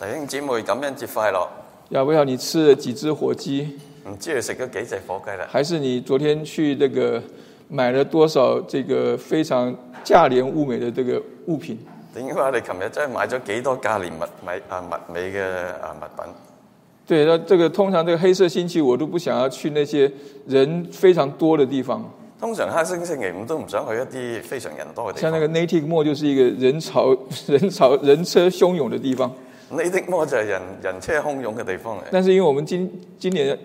弟兄姐妹感恩節快樂！要不要你吃了幾隻火雞？唔知食咗幾隻火雞啦？還是你昨天去那個買了多少這個非常價廉物美的這個物品？定係你琴日真係買咗幾多價廉物美啊物美嘅啊物品？對，那這個通常這個黑色星期我都不想要去那些人非常多的地方。通常黑星，星期五我都唔想去一啲非常人多嘅地方。像那個 Native Mall 就是一個人潮人潮，人，潮人車洶湧嘅地方。你的麼就係人人車洶湧嘅地方誒？但是因為我們今今年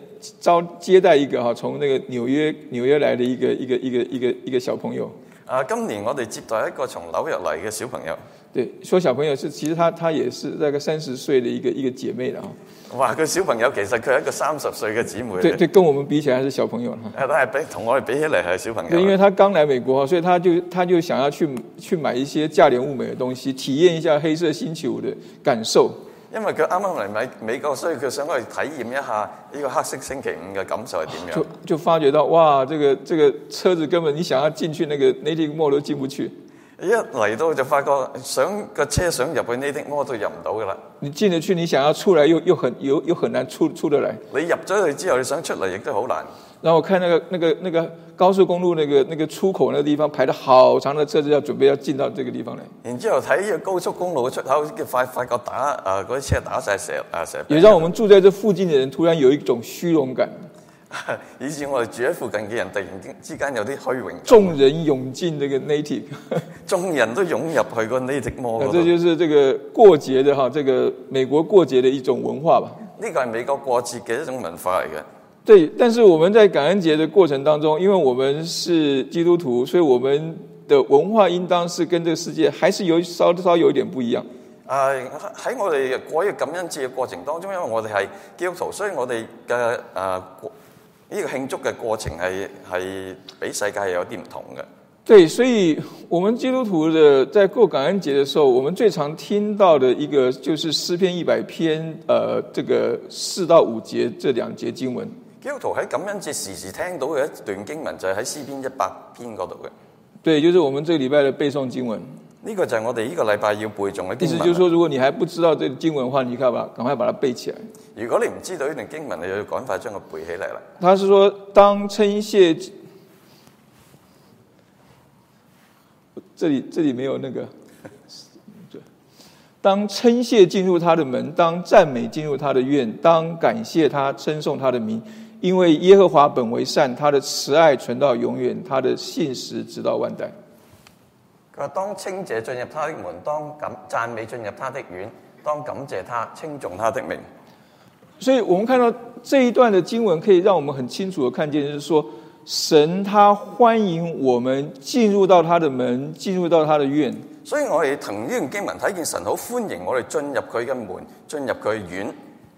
招接待一個哈，從那個紐約紐約來嘅一個一個一個一個一個小朋友。啊，今年我哋接待一個從紐約嚟嘅小朋友。對，說小朋友是其實他他也是大概三十歲的一個一個姐妹啦。哇，佢小朋友其實佢係一個三十歲嘅姊妹，對對，跟我們比起來還是小朋友。係都係比同我哋比起嚟，係小朋友。因為他剛來美國，所以他就佢就想要去去買一些價廉物美的東西，體驗一下黑色星期五的感受。因為佢啱啱嚟美美國，所以佢想去體驗一下呢個黑色星期五嘅感受係點樣。就就發覺到，哇，這個這個車子根本你想要進去那個 Native Mode 都進不去。一嚟到就發覺想個車想入去呢啲摩都入唔到㗎喇。你進得去，你想要出來又又很又又難出出得來。你入咗去之後，你想出嚟亦都好難。然後我睇那個那個那個高速公路那個那個出口那個地方排咗好長嘅車子，要準備要進到這個地方嚟。然之後睇呢個高速公路嘅出口，發發覺打啊嗰啲車打晒蛇。啊蛇。也讓我們住喺這附近嘅人突然有一種虛榮感。 以前我哋住喺附近嘅人突然之間有啲虛榮，眾人湧進呢個 native， 眾人都湧入去個 native mall，啊。這就是這個過節的哈，這個美國過節的一種文化吧。呢，這個係美國過節嘅一種文化嚟嘅。對，但是我們在感恩節的過程當中，因為我們是基督徒，所以我們的文化應當是跟這個世界還是有稍稍有一點不一樣。啊，呃，喺我哋過一個感恩節嘅過程當中，因為我哋係基督徒，所以我哋嘅。誒。呃呢、這個慶祝嘅過程係係比世界有啲唔同嘅。對，所以我們基督徒嘅在過感恩節嘅時候，我們最常聽到嘅一個就是詩篇一百篇，誒、呃，這個四到五節這兩節經文，基督徒喺感恩節時時聽到嘅一段經文就係喺詩篇一百篇嗰度嘅。對，就是我們呢個禮拜嘅背誦經文。呢、這個就係我哋呢個禮拜要背誦嘅經文。意思就是說，如果你還不知道這個經文的話，你可以把，趕快把它背起來。如果你唔知道呢段經文，你就要趕快將佢背起來啦。他是說，當稱謝，這裏這裏沒有那個。當稱謝進入他的門，當讚美進入他的院，當感謝他稱頌他的名，因為耶和華本為善，他的慈愛存到永遠，他的信實直到萬代。佢話，當清者進入他的門，當感讚美進入他的院，當感謝他，稱頌他的名。所以，我們看到這一段的經文，可以讓我們很清楚的看見，就是說，神他歡迎我們進入到他的門，進入到他的院。所以我哋讀呢段經文，睇見神好歡迎我哋進入佢嘅門，進入佢嘅院。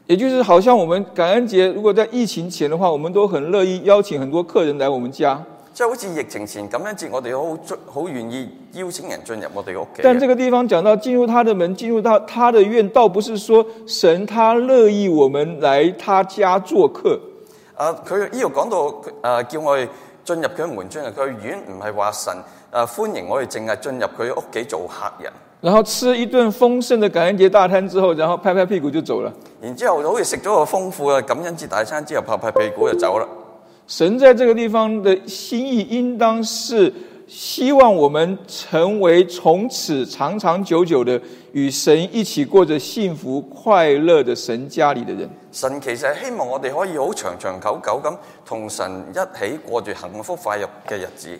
也就是，好像我們感恩節，如果在疫情前的話，我們都很樂意邀請很多客人來我們家。即係好似疫情前感恩節，我哋好好好願意邀請人進入我哋屋企。但呢個地方講到進入他的門，進入到他的院，倒不是說神他樂意我們來他家做客。啊，佢呢度講到啊，叫我哋進入佢門，進入佢院，唔係話神啊歡迎我哋，淨係進入佢屋企做客人。然後吃一頓豐盛嘅感恩節大餐之後，然後拍拍屁股就走了。然之後好似食咗個豐富嘅感恩節大餐之後，拍拍屁股就走啦。神在這個地方的心意，應當是希望我們成為從此長長久久的與神一起過着幸福快樂的神家裏的人。神其實希望我哋可以好長長久久咁同神一起過住幸福快樂嘅日子。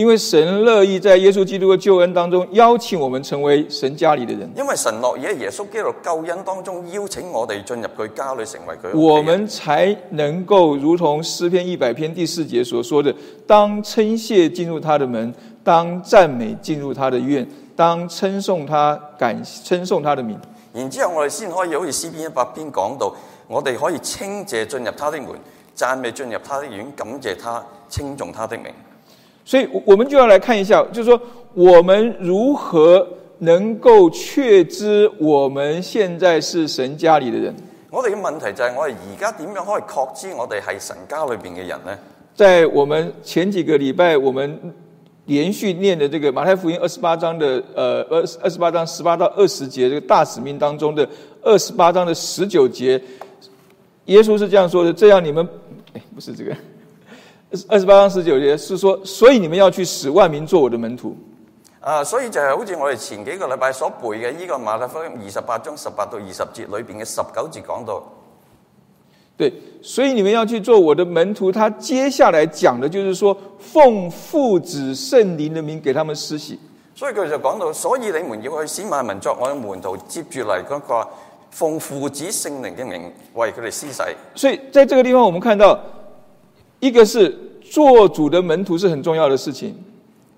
因為神樂意在耶穌基督嘅救恩當中邀請我們成為神家裏的人。因為神樂意喺耶穌基督救恩當中邀請我哋進入佢家裏，成為佢。我們才能夠如同詩篇一百篇第四節所說的：當稱謝進入他的門，當讚美進入他的院，當稱頌他，感謝稱頌他的名。然之後，我哋先可以，好似詩篇一百篇講到，我哋可以稱謝進入他的門，讚美進入他的院，感謝他，稱頌他的名。所以，我們就要來看一下，就是說，我們如何能夠確知我們現在是神家裏的人？我哋嘅問題就係，我哋而家點樣可以確知我哋係神家裏邊嘅人呢？在我們前幾個禮拜，我們連續唸的這個馬太福音二十八章的，呃，二二十八章十八到二十節，這個大使命當中的二十八章的十九節，耶穌是這樣說的，這樣你們，哎，不是這個。二十八章十九節是說，所以你們要去使萬民做我的門徒。啊，所以就係好似我哋前幾個禮拜所背嘅呢個馬太福音二十八章十八到二十節裏邊嘅十九節講到，對，所以你們要去做我的門徒。他接下來講嘅就是說，奉父子聖靈嘅名給他們施洗。所以佢就講到，所以你們要去使萬民作我的門徒，接住嚟嗰個奉父子聖靈嘅名為佢哋施洗。所以在這個地方，我們看到。一個是做主的門徒是很重要的事情。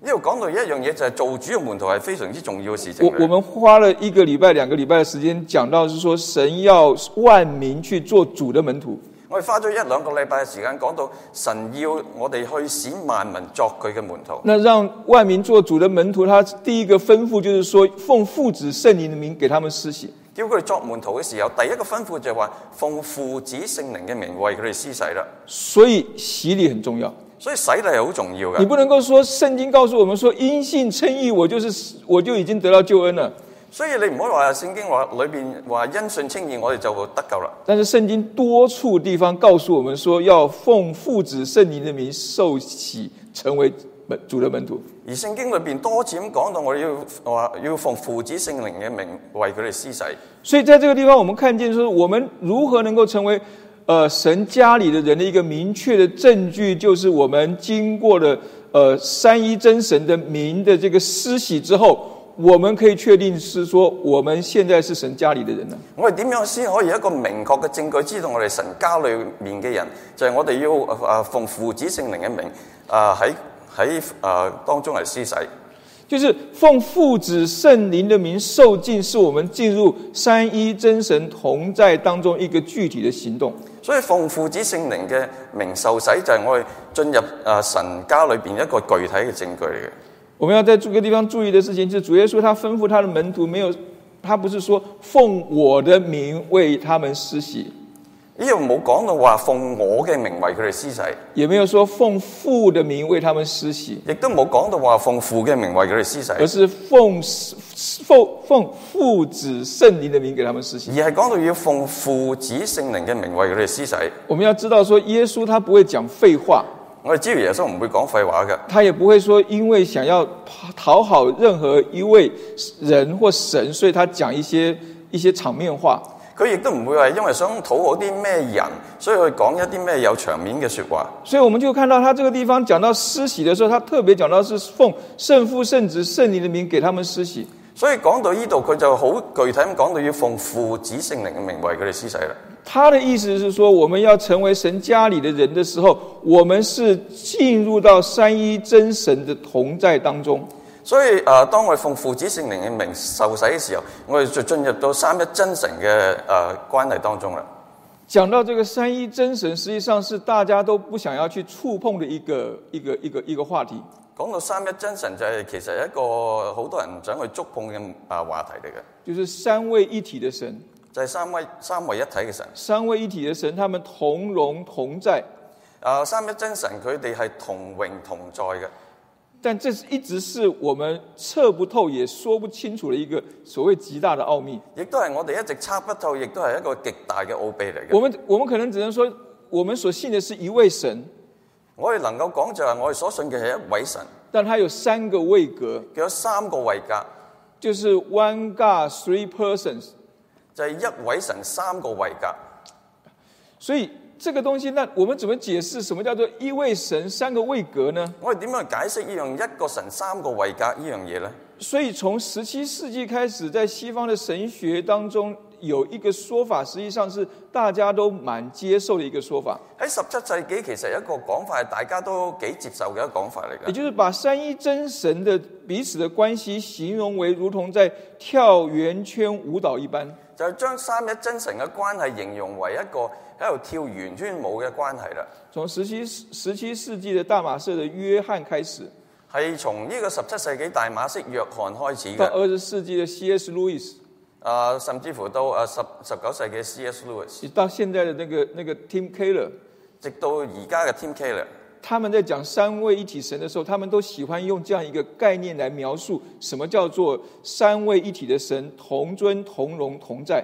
呢度講到一樣嘢就係、是、做主嘅門徒係非常之重要嘅事情。我我們花了一個禮拜、兩個禮拜嘅時間講到是說神要萬民去做主的門徒。我哋花咗一兩個禮拜嘅時間講到神要我哋去使萬民作佢嘅門徒。那讓萬民做主的門徒，他第一個吩咐就是說奉父子聖靈的名給他們施洗。叫佢哋作門徒嘅時候，第一個吩咐就係話奉父子聖靈嘅名為佢哋施洗啦。所以洗禮很重要，所以洗禮係好重要嘅。你不能夠說聖經告訴我們說因信稱義，我就是我就已經得到救恩啦。所以你唔好話聖經話裏邊話因信稱義，我哋就會得救啦。但是聖經多處地方告訴我們說，要奉父子聖靈嘅名受洗，成為。主的門徒，而聖經裏邊多次咁講到我，我哋要話要奉父子聖靈嘅名為佢哋施洗。所以，在這個地方，我們看見，就是我們如何能夠成為、呃，神家裏的人的一個明確的證據，就是我們經過了，呃、三一真神的名的這個施洗之後，我們可以確定是說，我們現在是神家裏的人啦。我哋點樣先可以一個明確嘅證據，知道我哋神家裏面嘅人，就係、是、我哋要奉、呃、父子聖靈嘅名，喺、呃。喺啊、呃、當中嚟施洗，就是奉父子聖靈的名受浸，是我們進入三一真神同在當中一個具體的行動。所以奉父子聖靈嘅名受洗，就係我哋進入啊、呃、神家裏邊一個具體嘅證據嚟嘅。我們要在住個地方注意的事情，就是主耶穌他吩咐他的門徒，沒有，他不是說奉我的名為他們施洗。呢度冇講到話奉我嘅名為佢哋施洗，也沒有說奉父的名為他們施洗，亦都冇講到話奉父嘅名為佢哋施洗，而是奉奉奉父子聖靈的名給他們施洗，而係講到要奉父子聖靈嘅名為佢哋施洗。我們要知道說，耶穌他不會講廢話，我哋知道耶穌唔會講廢話嘅，他也不會說因為想要討好任何一位人或神，所以他講一些一些場面話。佢亦都唔會話因為想討好啲咩人，所以去講一啲咩有場面嘅說話。所以我們就看到，他這個地方講到施洗的時候，他特別講到是奉聖父、聖子、聖靈的名給他們施洗。所以講到呢度，佢就好具體咁講到要奉父子聖靈嘅名為佢哋施洗啦。他的意思是說，我們要成為神家裏的人的時候，我們是進入到三一真神的同在當中。所以，啊、呃，當我奉父子聖靈嘅名受洗嘅時候，我哋就進入到三一真神嘅、誒、呃、關係當中啦。講到這個三一真神，實際上是大家都不想要去觸碰的一個一個一個一個話題。講到三一真神，就係其實一個好多人唔想去觸碰嘅啊、呃、話題嚟嘅。就是三位一體的神，就係、是、三位三位一體嘅神。三位一體的神，他們同榮同在。啊、呃，三一真神佢哋係同榮同在嘅。但這一直是我們測不透也說不清楚的一個所謂極大的奧秘，亦都係我哋一直測不透，亦都係一個極大嘅奧秘嚟嘅。我們我們可能只能說，我們所信嘅是一位神。我哋能夠講就係我哋所信嘅係一位神，但係佢有三個位格，佢有三個位格，就是 One God, Three Persons，就係一位神三個位格，所以，這個東西，那我們怎麼解釋什麼叫做一位神三個位格呢？我哋點樣解釋一樣一個神三個位格呢樣嘢呢？所以從十七世紀開始，在西方的神學當中，有一個說法，實際上是大家都蠻接受的一個說法。喺十七世紀，其實一個講法係大家都幾接受嘅一個講法嚟嘅。也就是把三一真神的彼此的關係形容為如同在跳圓圈舞蹈一般。就係將三一真神嘅關係形容為一個。喺度跳圓圈舞嘅關係啦。從十七十七世紀的大馬士的約翰開始，係從呢個十七世紀大馬士約翰開始到二十世紀嘅 C S. 路易斯，啊，甚至乎到啊十十九世紀嘅 C S. 路易斯，到現在嘅那個那個 Tim Keller，直到而家嘅 Tim Keller，他們在講三位一體神嘅時候，他們都喜歡用這樣一個概念嚟，描述，什麼叫做三位一體的神同尊同榮同在。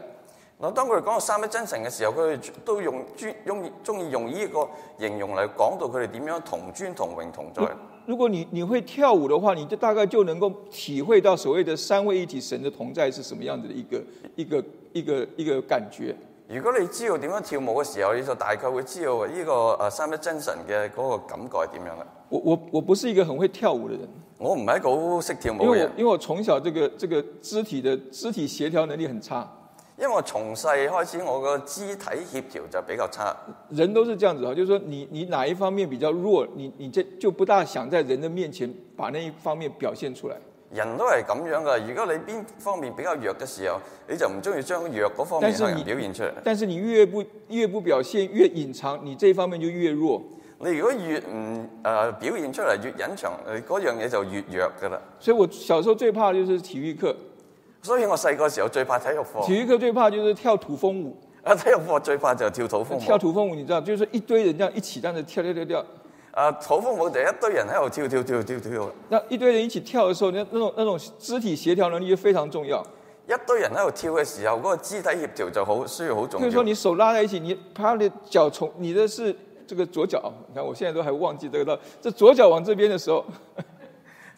嗱，當佢哋講到三一真神嘅時候，佢哋都用尊、用中意用依個形容嚟講到佢哋點樣同尊同榮同在。如果你、你會跳舞嘅話，你就大概就能夠體會到所謂嘅三位一體神嘅同在是什麼樣子的一個、一個、一個、一個感覺。如果你知道點樣跳舞嘅時候，你就大概會知道呢個誒三一真神嘅嗰個感覺係點樣啦。我、我、我不是一個很會跳舞嘅人，我唔係一個好識跳舞嘅人，因為我因為我從小這個、這個肢體的肢體協調能力很差。因為我從細開始，我個肢體協調就比較差。人都是這樣子啊，就是說你你哪一方面比較弱，你你就就不大想在人的面前把那一方面表現出來。人都係咁樣㗎，如果你邊方面比較弱嘅時候，你就唔中意將弱嗰方面表現出嚟。但是你越不越不表現，越隱藏，你這方面就越弱。你如果越唔誒、呃、表現出嚟越隱藏，嗰樣嘢就越弱㗎啦。所以我小時候最怕就是體育課。所以我細個時候最怕體育課。體育課最怕就是跳土風舞。啊，體育課最怕就跳土風舞。啊、跳土風舞你知道，就是一堆人咁一起，咁樣跳跳跳跳。啊，土風舞就一堆人喺度跳跳跳跳跳。那一堆人一起跳的時候，那那種那種肢體協調能力就非常重要。一堆人喺度跳的時候，嗰、那個肢體協調就好需要好重要。譬如說你手拉在一起，你怕你的腳從你的是這個左腳，你看我現在都還忘記這個，這左腳往這邊的時候。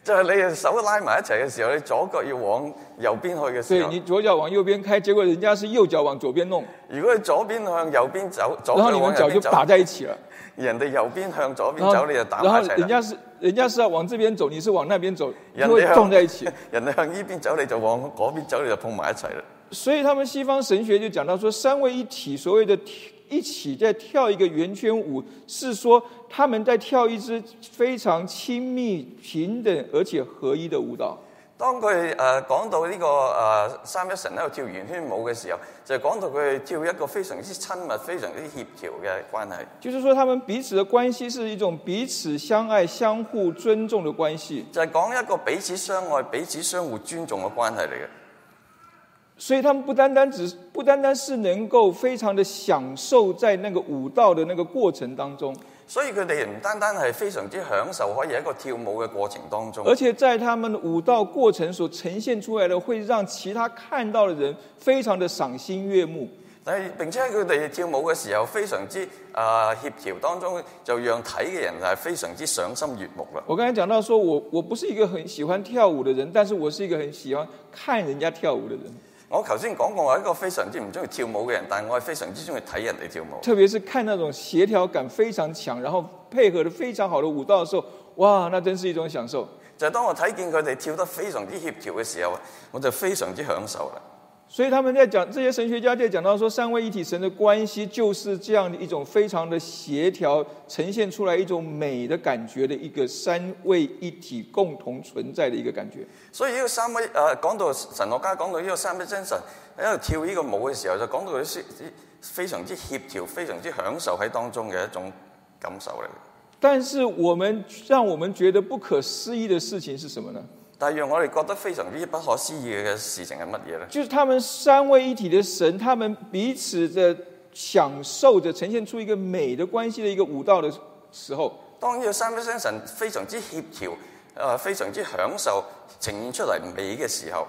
就係、是、你手拉埋一齊嘅時候，你左腳要往右邊去嘅時候，對，你左腳往右邊開，結果人家是右腳往左邊弄。如果你左邊向右邊走，走，然後你往腳就，就打在一起了。人哋右邊向左邊走，你就打一齊。人家是，人家是要往這邊走，你是往那邊走，因為碰在一起。人哋向呢邊走，你就往嗰邊走，你就碰埋一齊了。所以，他們西方神學就講到，說三位一體，所謂的。一起在跳一個圓圈舞，是說他們在跳一支非常親密、平等而且合一的舞蹈。當佢誒講到呢、這個誒、呃、三一神喺度跳圓圈舞嘅時候，就講到佢哋跳一個非常之親密、非常之協調嘅關係，就是說他們彼此嘅關係是一種彼此相愛、相互尊重嘅關係，就係、是、講一個彼此相愛、彼此相互尊重嘅關係嚟嘅。所以，他們不單單只不單單是能夠非常的享受在那個舞蹈的那個過程當中。所以佢哋唔單單係非常之享受，可以一個跳舞嘅過程當中。而且在他們舞蹈過程所呈現出來的，會讓其他看到的人非常的賞心悅目。但係並且佢哋跳舞嘅時候非常之、啊協調，當中就讓睇嘅人係非常之賞心悅目。我剛才講到說我我不是一個很喜歡跳舞的人，但是我是一個很喜歡看人家跳舞的人。我頭先講過，我係一個非常之唔鍾意跳舞嘅人，但我係非常之中意睇人哋跳舞。特別是看那種協調感非常強，然後配合得非常好的舞蹈的時候，哇！那真係一種享受。就係、是、當我睇見佢哋跳得非常之協調嘅時候，我就非常之享受了。所以他們在講這些神學家就講到說，三位一體神的關係就是這樣的一種非常的協調，呈現出來一種美的感覺的一個三位一體共同存在的一個感覺。所以呢，三位呃講到神學家講到這個三位真神，喺度跳呢個舞嘅時候，就講到佢是非常之協調，非常之享受喺當中嘅一種感受嚟。但是我們讓我們覺得不可思議的事情是什麼呢？但係讓我哋覺得非常之不可思議嘅事情係乜嘢咧？就是他們三位一體的神，他們彼此的享受着，呈現出一個美的關係的一個舞蹈的時候，當呢個三位聖神，神非常之協調，誒，非常之享受呈現出嚟美嘅時候，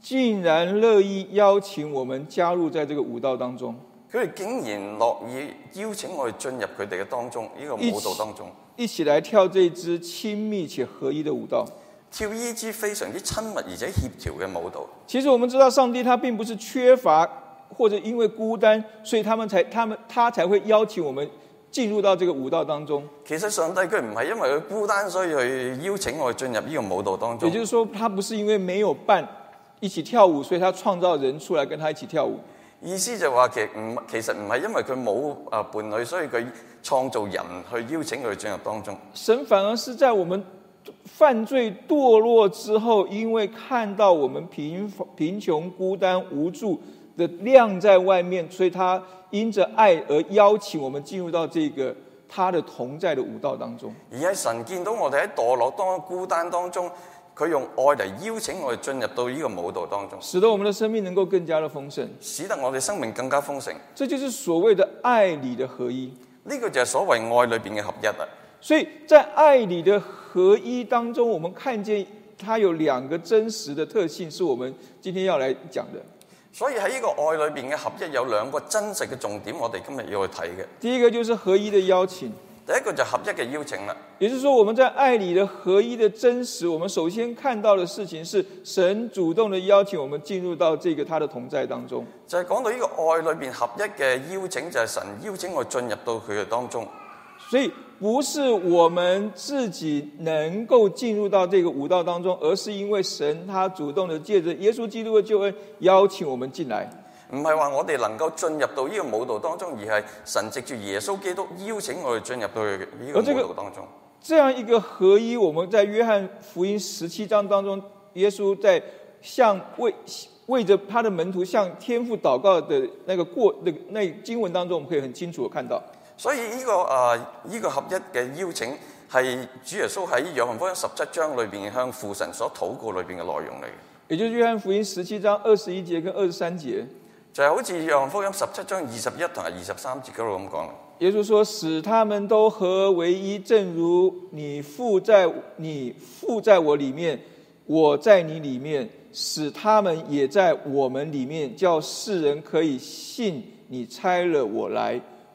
竟然樂意邀請我們加入在這個舞蹈當中。佢哋竟然樂意邀請我哋進入佢哋嘅當中呢、這個舞蹈當中，一起，一起來跳這支親密且合一的舞蹈。跳一支非常之親密而且協調嘅舞蹈。其實我們知道，上帝他並不是缺乏或者因為孤單，所以他們才他們他才會邀請我們進入到這個舞蹈當中。其實上帝佢唔係因為佢孤單，所以去邀請我進入呢個舞蹈當中。也就是說，他不是因為沒有伴一起跳舞，所以他創造人出來跟他一起跳舞。意思就話，其實唔其實唔係因為佢冇啊伴侶，所以佢創造人去邀請佢進入當中。神反而是在我們。犯罪墮落之後，因為看到我們貧貧窮、孤單、無助的晾在外面，所以他因着愛而邀請我們進入到這個他的同在的舞蹈當中。而係神見到我哋喺墮落當中、孤單當中，佢用愛嚟邀請我哋進入到呢個舞蹈當中，使得我們的生命能夠更加的豐盛，使得我哋生命更加豐盛。這就是所謂的愛裡的合一。呢、這個就係所謂愛裡邊嘅合一。所以在愛裏的合一當中，我們看見它有兩個真實的特性，是我們今天要來講的。所以喺呢個愛裏面嘅合一有兩個真實嘅重點，我哋今日要去睇嘅。第一個就是合一的邀請，第一個就是合一嘅邀請啦。也就是說，我們在愛裏的合一的真實，我們首先看到的事情是神主動的邀請我們進入到這個他的同在當中。就係講到呢個愛裏面合一嘅邀請，就係神邀請我進入到佢嘅當中。所以不是我們自己能夠進入到這個武道當中，而是因為神他主動的借着耶穌基督的救恩邀請我們進來。唔係話我哋能夠進入到呢個武道當中，而係神藉住耶穌基督邀請我哋進入到呢個武道當中，這個。這樣一個合一，我們在約翰福音十七章當中，耶穌在向為為着他的門徒向天父禱告的那個過那那個、經文當中，我們可以很清楚地看到。所以呢、這個啊呢、呃這個合一嘅邀請，係主耶穌喺約翰福音十七章裏邊向父神所禱告裏邊嘅內容嚟嘅。也就是約翰福音十七章二十一節跟二十三節，就係、是、好似約翰福音十七章二十一同埋二十三節嗰度咁講。耶穌說：使他們都合為一，正如你父在你父在我裏面，我在你裏面，使他們也在我們裏面，叫世人可以信你差了我來。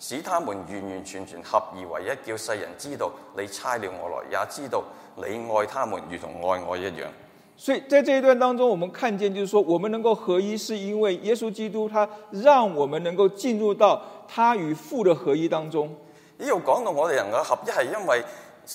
使他們完完全全合而為一，叫世人知道你差了我來，也知道你愛他們如同愛我一樣。所以，在這一段當中，我們看見就是說，我們能夠合一，是因為耶穌基督他讓我們能夠進入到他與父的合一當中。而要講到我哋人嘅合一，係因為。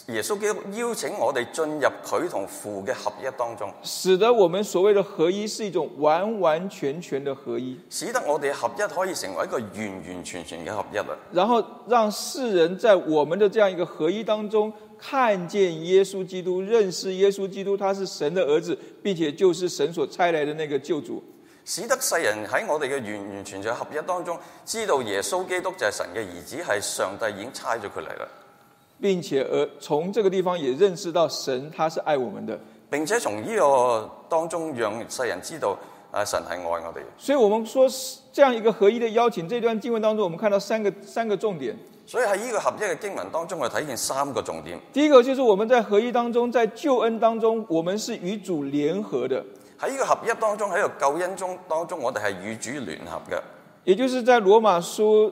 耶穌基督邀請我哋進入佢同父嘅合一當中，使得我們所謂的合一是一種完完全全的合一，使得我哋合一可以成為一個完完全全嘅合一啦。然後讓世人在我們的這樣一個合一當中，看見耶穌基督，認識耶穌基督，他是神的兒子，並且就是神所差來的那個救主，使得世人喺我哋嘅完完全全合一當中，知道耶穌基督就係神嘅兒子，係上帝已經差咗佢嚟啦。並且而從這個地方也認識到神他是愛我們的，並且從呢個當中讓世人知道，誒、啊、神係愛我哋。所以，我們說這樣一個合一的邀請，這段經文當中，我們看到三個三個重點。所以喺呢個合一嘅經文當中，我睇見三個重點。第一個就是我們在合一當中，在救恩當中，我們是與主聯合的。喺呢個合一當中，喺個救恩中當中，我哋係與主聯合嘅。也就是在羅馬書。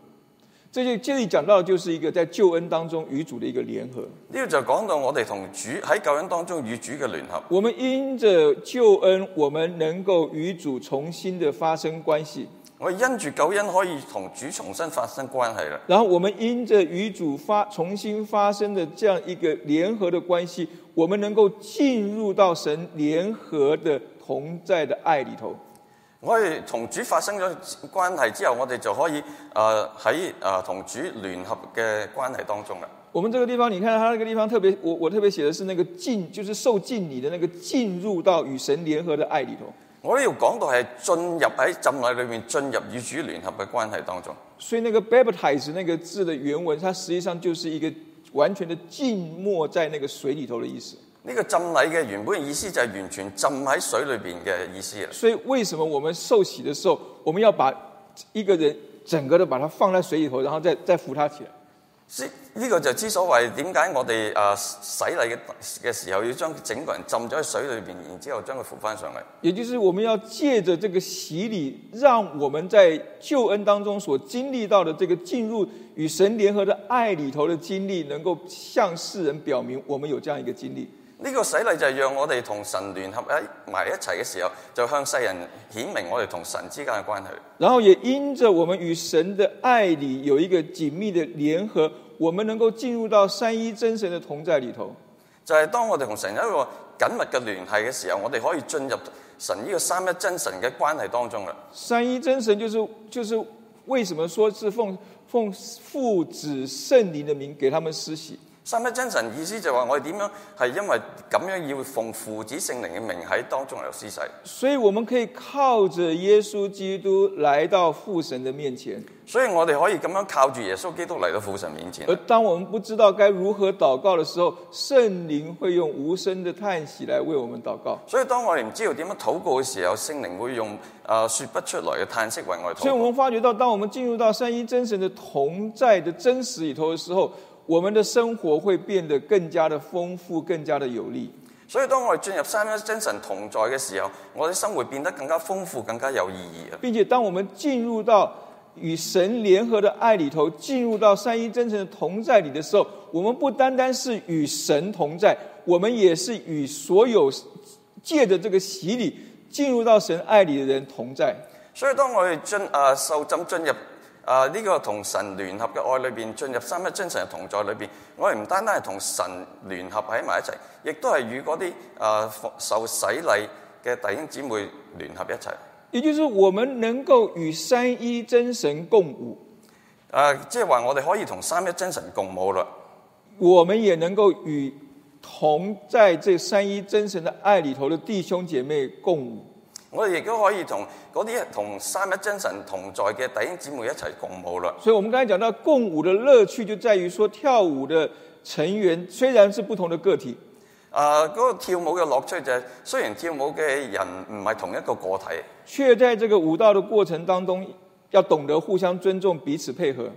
這就這裏講到，就是一個在救恩當中與主的一個聯合。呢個就講到我們同主在救恩當中與主的聯合。我們因着救恩，我們能夠與主重新的發生關係。我因着救恩可以同主重新發生關係啦。然後我們因着與主發重新發生的這樣一個聯合的關係，我們能夠進入到神聯合的同在的愛裏頭。我哋同主發生咗關係之後，我哋就可以誒喺誒同主聯合嘅關係當中啦。我們這個地方，你看它那個地方特別，我我特別寫的是那個進，就是受浸禮的那個進入到與神聯合的愛裏頭。我要講到係進入喺浸禮裏面，進入與主聯合嘅關係當中。所以那個 baptize 那個字的原文，它實際上就是一個完全的浸沒在那個水裏頭的意思。呢、這個浸禮的原本意思，就係完全浸喺水裏邊的意思。所以為什麼我們受洗的時候，我們要把一個人整個的把它放在水裏頭，然後再再扶他起來。這呢個就之所以點解我們誒、啊、洗禮的、的時候要將整個人浸在水裏邊，然之後將佢扶翻上來。也就是我們要借着這個洗禮，讓我們在救恩當中所經歷到的這個進入與神聯合的愛裏頭的經歷，能夠向世人表明我們有這樣一個經歷。呢、這個洗禮就係讓我哋同神聯合喺埋一齊嘅時候，就向世人顯明我哋同神之間嘅關係。然後也因着我們與神的愛裏有一個緊密的聯合，我們能夠進入到三一真神的同在裏頭。就係、是、當我哋同神有一個緊密嘅聯繫嘅時候，我哋可以進入神呢個三一真神嘅關係當中啦。三一真神就是，就是為什麼說是奉奉父子聖靈的名給他們施洗。三一真神意思就話我哋點樣係因為咁樣要奉父子聖靈嘅名喺當中嚟施洗，所以我們可以靠着耶穌基督來到父神的面前。所以我哋可以咁樣靠住耶穌基督嚟到父神面前。而當我們不知道該如何禱告的時候，聖靈會用無聲的嘆息來為我們禱告。所以當我哋唔知道點樣禱告嘅時候，聖靈會用誒、呃、說不出來嘅嘆息為我們禱告。所以我們發覺到，當我們進入到三一真神的同在的真實裏頭嘅時候，我們的生活會變得更加的豐富，更加的有利。所以當我哋進入三一真神同在嘅時候，我哋生活變得更加豐富，更加有意義了。並且當我們進入到與神聯合的愛裏頭，進入到三一真神同在裏的時候，我們不單單是與神同在，我們也是與所有借着這個洗禮進入到神愛裏的人同在。所以當我哋進啊受浸進入。啊！呢、這個同神聯合嘅愛裏邊，進入三一真神嘅同在裏邊，我哋唔單單係同神聯合喺埋一齊，亦都係與嗰啲啊受洗禮嘅弟兄姊妹聯合一齊。也就是我們能夠與三一真神共舞，啊，即係話我哋可以同三一真神共舞啦。我們也能夠與同在這三一真神的愛裏頭的弟兄姐妹共舞。我哋亦都可以同嗰啲同三一真神同在嘅弟兄姊妹一齊共舞啦。所以，我們剛才講到共舞的樂趣，就在於說跳舞的成員雖然是不同的個體，啊、呃，嗰個跳舞嘅樂趣就係雖然跳舞嘅人唔係同一個個體，卻在這個舞蹈的過程當中，要懂得互相尊重、彼此配合。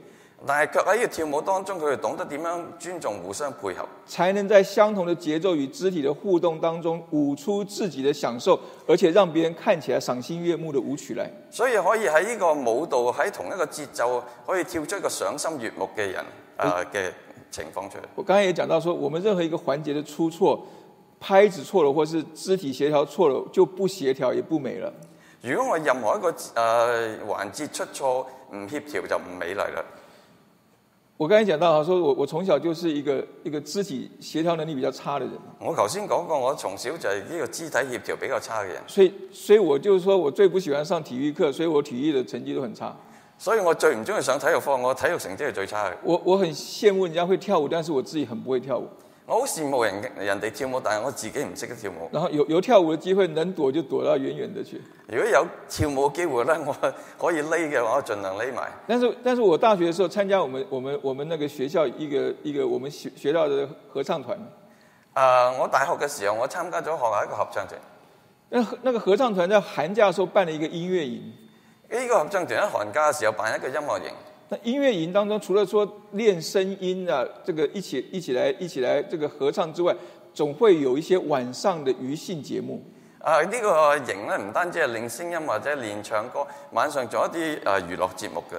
但係，佢喺呢個跳舞當中，佢哋懂得點樣尊重互相配合，才能在相同的節奏與肢體的互動當中，舞出自己的享受，而且讓別人看起來賞心悅目的舞曲來。所以可以喺呢個舞蹈喺同一個節奏，可以跳出一個賞心悅目嘅人，誒、嗯、嘅、呃、情況出嚟。我剛才也講到說，說我們任何一個環節嘅出錯，拍子錯了，或是肢體協調錯了，就不協調也不美了。如果我任何一個誒、呃、環節出錯，唔協調就唔美麗啦。我剛才講到啊，說我我從小就是一個一個肢體協調能力比較差的人。我頭先講過，我從小就是呢個肢體協調比較差嘅人。所以所以我就是說我最不喜歡上體育課，所以我體育的成績都很差。所以我最唔鍾意上體育課，我體育成績是最差嘅。我我很羨慕人家會跳舞，但是我自己很不會跳舞。我好羨慕人人哋跳舞，但係我自己唔識得跳舞。然後有有跳舞嘅機會，能躲就躲到遠遠的去。如果有跳舞機會咧，我可以匿嘅話，我盡量匿埋。但是，但是我大學嘅時候參加我們我們我們那個學校一個一個我們學學校的合唱團啊、呃，我大學嘅時候我參加咗學校一個合唱團。那那個合唱團在寒假的時候辦了一個音樂營呢、這個合唱團喺寒假嘅時候辦一個音樂營。那音樂營當中，除了說練聲音啊，這個一起一起來一起來，一起來這個合唱之外，總會有一些晚上的餘興節目。啊，呢、這個營呢，唔單止係練聲音或者練唱歌，晚上做一啲啊娛樂節目嘅。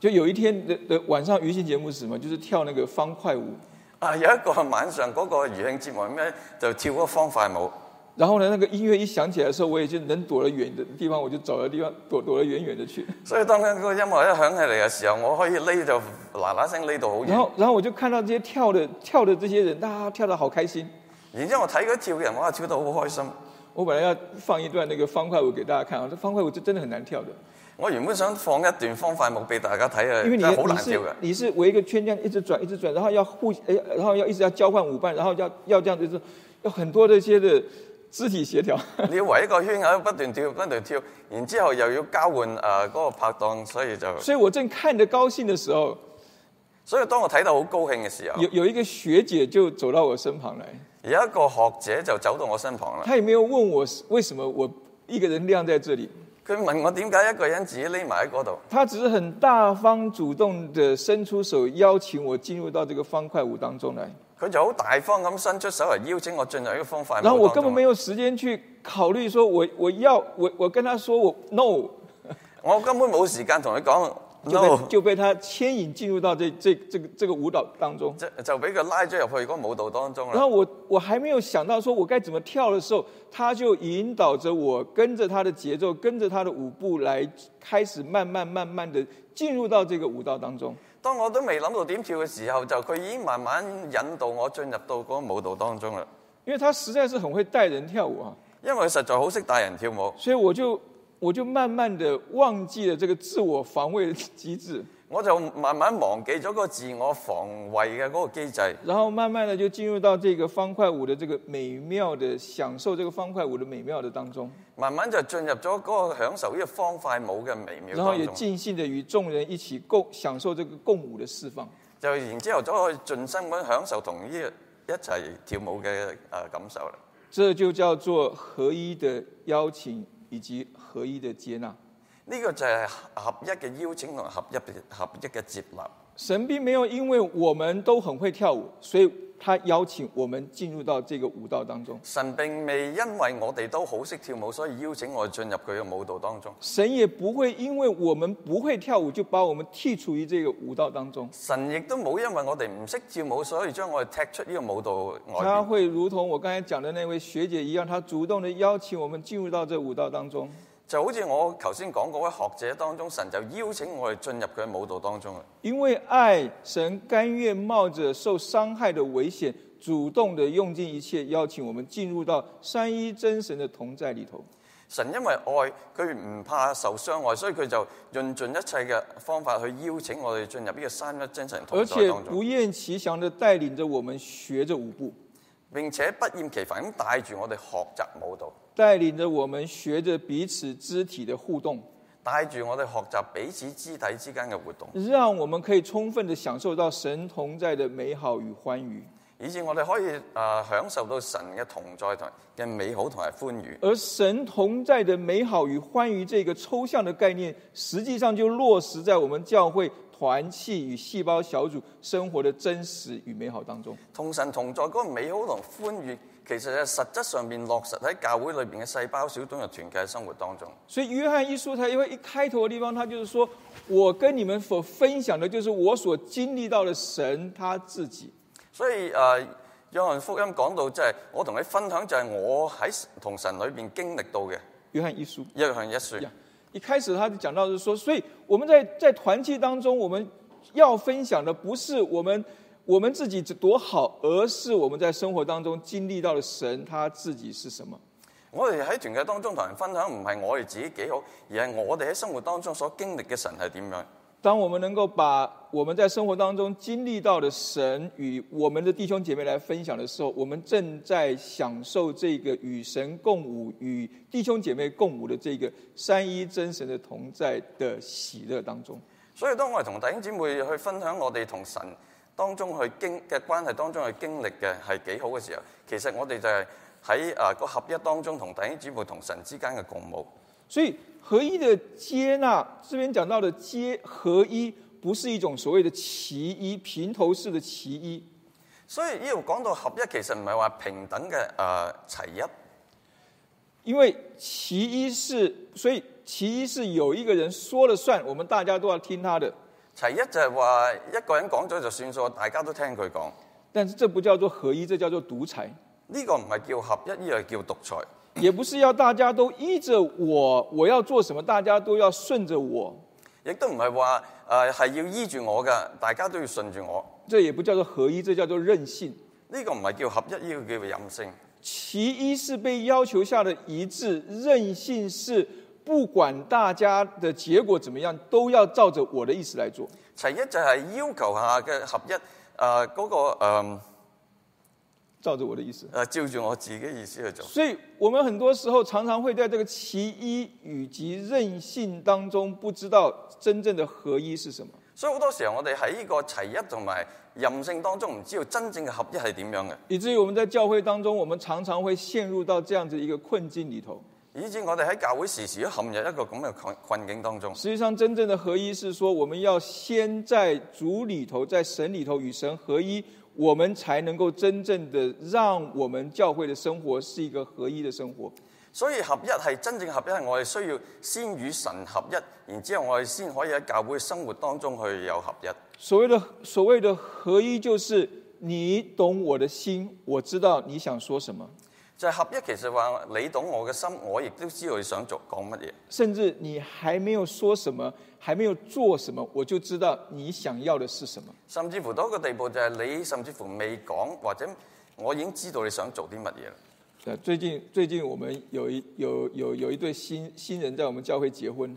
就有一天的的晚上餘興節目是什麼？就是跳那個方塊舞。啊，有一個晚上嗰個餘興節目係咩？就跳個方塊舞。然後呢，那個音樂一響起來的時候，我已經能躲得遠的地方，我就走個地方躲躲得遠遠的去。所以當嗰個音樂一響起嚟嘅時候，我可以匿就嗱嗱聲匿到好遠。然後然後我就看到這些跳的跳的這些人，大、啊、家跳得好開心。然之後我睇個跳嘅人，哇、啊，跳得好開心。我本來要放一段那個方塊舞給大家看啊，這方塊舞就真的很難跳的。我原本想放一段方塊舞畀大家睇啊，因為你好難跳的，你是圍一個圈圈一直轉一直轉，然後要互、哎、然後要一直要交換舞伴，然後要要這樣是有很多這些的。肢體協調， 你要圍一個圈喺度不斷跳，不斷跳，然之後又要交換啊。嗰、呃那個拍檔，所以就……所以我正看着高興的時候，所以當我睇到好高興嘅時候，有有一個學姐就走到我身旁來，有一個學姐就走到我身旁來。她也沒有問我為什麼我一個人晾在這裏？佢問我點解一個人自己匿埋喺嗰度？她只是很大方主動地伸出手邀請我進入到這個方塊舞當中來。佢就好大方咁伸出手嚟邀請我進入呢個方法。然後我根本沒有時間去考慮，說我我要我我跟他說我 no。我根本冇時間同佢講，no。就被他牽引進入到這這這個這個舞蹈當中。就就俾佢拉咗入去嗰個舞蹈當中了。然後我我還沒有想到說我該怎麼跳的時候，他就引導着我，跟着他的節奏，跟着他的舞步來開始慢慢慢慢的進入到這個舞蹈當中。當我都未諗到點跳嘅時候，就佢已經慢慢引導我進入到嗰個舞蹈當中了。因為他實在是很會帶人跳舞啊，因為實在好識帶人跳舞，所以我就我就慢慢的忘記了這個自我防衛嘅機制。我就慢慢忘記咗個自我防衞嘅嗰個機制，然後慢慢地就進入到這個方塊舞的這個美妙的享受，這個方塊舞的美妙的當中，慢慢就進入咗嗰個享受呢個方塊舞嘅美妙。然後也盡興地與眾人一起共享受這個共舞嘅釋放，就然之後就可以盡心咁享受同一一齊跳舞嘅啊、呃、感受啦。這就叫做合一的邀請以及合一的接納。呢、這個就係合一嘅邀請同合一嘅合一嘅接納。神並沒有因為我們都很會跳舞，所以他邀請我們進入到這個舞蹈當中。神並未因為我哋都好識跳舞，所以邀請我進入佢嘅舞蹈當中。神也不會因為我們不會跳舞，就把我們剔除於這個舞蹈當中。神亦都冇因為我哋唔識跳舞，所以將我哋踢出呢個舞蹈外。他會如同我剛才講的那位學姐一樣，他主動地邀請我們進入到這個舞蹈當中。就好似我頭先講嗰位學者當中，神就邀請我哋進入佢嘅舞蹈當中啦。因為愛，神甘願冒着受傷害的危險，主動的用盡一切邀請我們進入到三一真神的同在裏頭。神因為愛，佢唔怕受傷害，所以佢就用盡一切嘅方法去邀請我哋進入呢個三一真神同在當中。而且不厭其詳的帶領着我們學着舞步，並且不厭其煩咁帶住我哋學習舞蹈。帶領着我們學着彼此肢體的互動，帶住我哋學習彼此肢體之間嘅活動，讓我們可以充分地享受到神同在的美好與歡愉，以致我哋可以，呃，享受到神嘅同在同嘅美好同埋歡愉。而神同在的美好與歡愉，這個抽象的概念，實際上就落實在我們教會團契與細胞小組生活的真實與美好當中。同神同在嗰個美好同歡愉。其實係實質上面落實喺教會裏面嘅細胞小組嘅團契生活當中。所以《約翰一書》佢因為一開頭嘅地方，他就是說：我跟你們所分享的，就是我所經歷到的神他自己。所以啊，呃《約翰福音》講到即係我同你分享，就係我喺同神裏邊經歷到嘅《約翰一書》。《約翰一書》yeah.。一開始，他講到就係說，所以我們在在團契當中，我們要分享的不是我們。我們自己多好，而是我們在生活當中經歷到的神他自己是什麼？我哋喺團契當中同人分享，唔係我哋自己幾好，而係我哋喺生活當中所經歷嘅神係點樣？當我們能夠把我們在生活當中經歷到的神與我們的弟兄姐妹來分享的時候，我們正在享受這個與神共舞、與弟兄姐妹共舞的這個三一真神的同在的喜樂當中。所以，當我哋同弟兄姊妹去分享我哋同神。當中去經嘅關係，當中去經歷嘅係幾好嘅時候，其實我哋就係喺誒個合一當中，同弟兄姊妹同神之間嘅共舞。所以合一嘅接納，呢邊講到嘅「接合一」，不是一種所謂嘅「齊一」平頭式嘅「齊一」。所以呢度講到合一，其實唔係話平等嘅誒齊一，因為齊一是，所以齊一是有一個人說了算，我們大家都要聽他的。齊一就係話一個人講咗就算數，大家都聽佢講。但是這不叫做合一，這叫做獨裁。呢個唔係叫合一，呢個叫獨裁。也不是要大家都依着我，我要做什麼，大家都要順着我。亦都唔係話誒係要依住我㗎，大家都要順住我。這也不叫做合一，這叫做任性。呢個唔係叫合一，呢個叫做任性。齊一是被要求下的一致，任性是。不管大家的結果怎麼樣，都要照着我的意思來做。齊一就係要求下嘅合一，嗰、呃那個、呃、照着我的意思。誒，照住我自己嘅意思去做。所以，我們很多時候常常會在這個齊一與其任性當中，不知道真正的合一是什麼。所以好多時候，我哋喺呢個齊一同埋任性當中，唔知道真正嘅合一係點樣嘅，以至於我們在教會當中，我們常常會陷入到這樣子一個困境裏頭。以致我哋喺教會時時都陷入一個咁嘅困困境當中。實際上，真正的合一，是說我們要先在主裏頭，在神裏頭與神合一，我們才能夠真正的讓我們教會的生活是一個合一的生活。所以合一係真正合一，係我哋需要先與神合一，然之後我哋先可以喺教會生活當中去有合一。所謂的所謂的合一，就是你懂我的心，我知道你想說什麼。就是、合一，其實話你懂我嘅心，我亦都知道你想做講乜嘢。甚至你還沒有說什麼，還沒有做什麼，我就知道你想要的是什麼。甚至乎到一個地步就係你甚至乎未講，或者我已經知道你想做啲乜嘢啦。最近最近我們有一有有有，有一對新新人在我們教會結婚。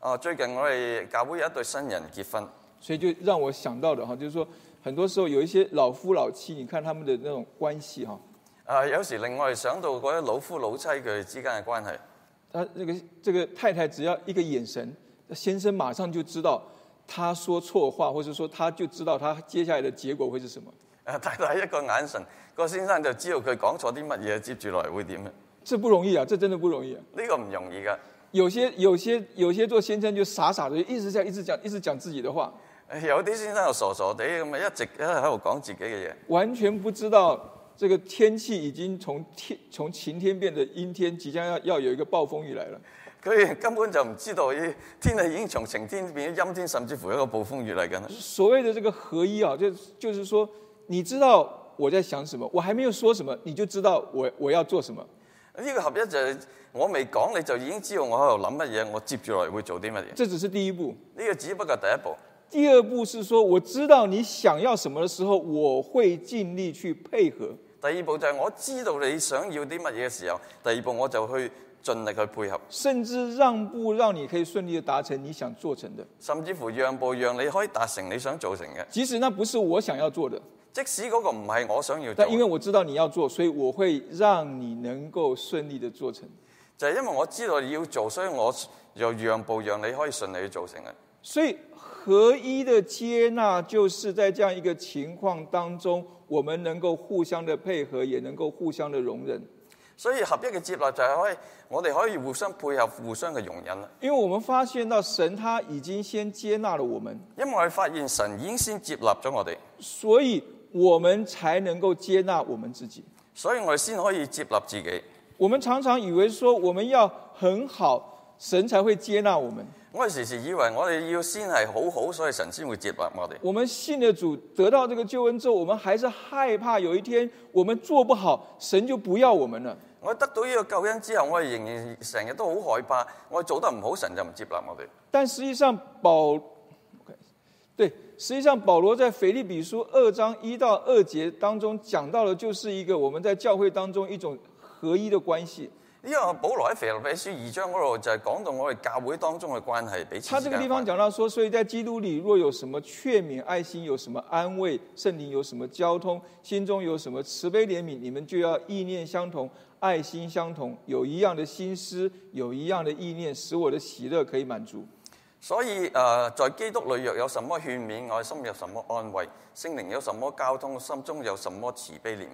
哦，最近我哋教會有一對新人結婚，所以就讓我想到嘅哈，就是說很多時候有一些老夫老妻，你看他們的那種關係哈。啊，有時令我哋想到嗰啲老夫老妻佢之間嘅關係。啊，呢、這個呢、這個太太只要一個眼神，先生馬上就知道他說錯話，或者說他就知道他接下來的結果會是什麼。啊，太太一個眼神，個先生就知道佢講錯啲乜嘢，接住落嚟會點嘅。這不容易啊！這真的不容易、啊。呢、這個唔容易噶。有些有些有些做先生就傻傻地一，一直講一直講一直講自己的話。有啲先生又傻傻地咁啊，一直喺度講自己嘅嘢，完全不知道。 這個天氣已經從天從晴天變成陰天，即將要要有一個暴風雨來了。佢根本就唔知道，天氣已經從晴天變成陰天，甚至乎一個暴風雨嚟緊。所謂的這個合一啊，就就是說，你知道我在想什麼，我還沒有說什麼，你就知道我我要做什麼。呢、這個合一就是、我未講你就已經知道我喺度諗乜嘢，我接住嚟會做啲乜嘢。這只是第一步，呢、這個只不過第一步。第二步是說我知道你想要什麼的時候，我會盡力去配合。第二步就係我知道你想要啲乜嘢嘅時候，第二步我就去盡力去配合，甚至讓步讓你可以順利嘅達成你想做成的，甚至乎讓步讓你可以達成你想做成嘅。即使那不是我想要做的，即使嗰個唔係我想要，但因為我知道你要做，所以我會讓你能夠順利的做成。就係因為我知道你要做，所以我又讓步讓你可以順利去做成嘅。所以。合一的接納，就是在這樣一個情況當中，我們能夠互相的配合，也能夠互相的容忍。所以，合一的接納就係可以，我哋可以互相配合，互相嘅容忍啦。因為我們發現到神他已經先接納了我們，因為我哋發現神已經先接納咗我哋，所以我們才能夠接納我們自己。所以我哋先可以接納自己。我們常常以為說，我們要很好，神才會接納我們。我哋時時以為我哋要先係好好，所以神先會接納我哋。我們信了主，得到這個救恩之後，我們還是害怕有一天我們做不好，神就不要我們了。我得到呢個救恩之後，我哋仍然成日都好害怕，我哋做得唔好，神就唔接納我哋。但實際上，保，對，實際上保羅在腓立比書二章一到二節當中講到的，就是一個我們在教會當中一種合一的關係。呢為保羅喺腓比書二章嗰度就係講到我哋教會當中嘅關係，俾他這個地方講到說，所以在基督裏若有什麼勸勉、愛心，有什麼安慰、聖靈有什麼交通、心中有什麼慈悲憐憫，你們就要意念相同、愛心相同，有一樣的心思，有一樣的意念，使我的喜樂可以滿足。所以，誒、呃，在基督裏若有什麼勸勉，我心有什麼安慰，聖靈有什麼交通，心中有什麼慈悲憐憫。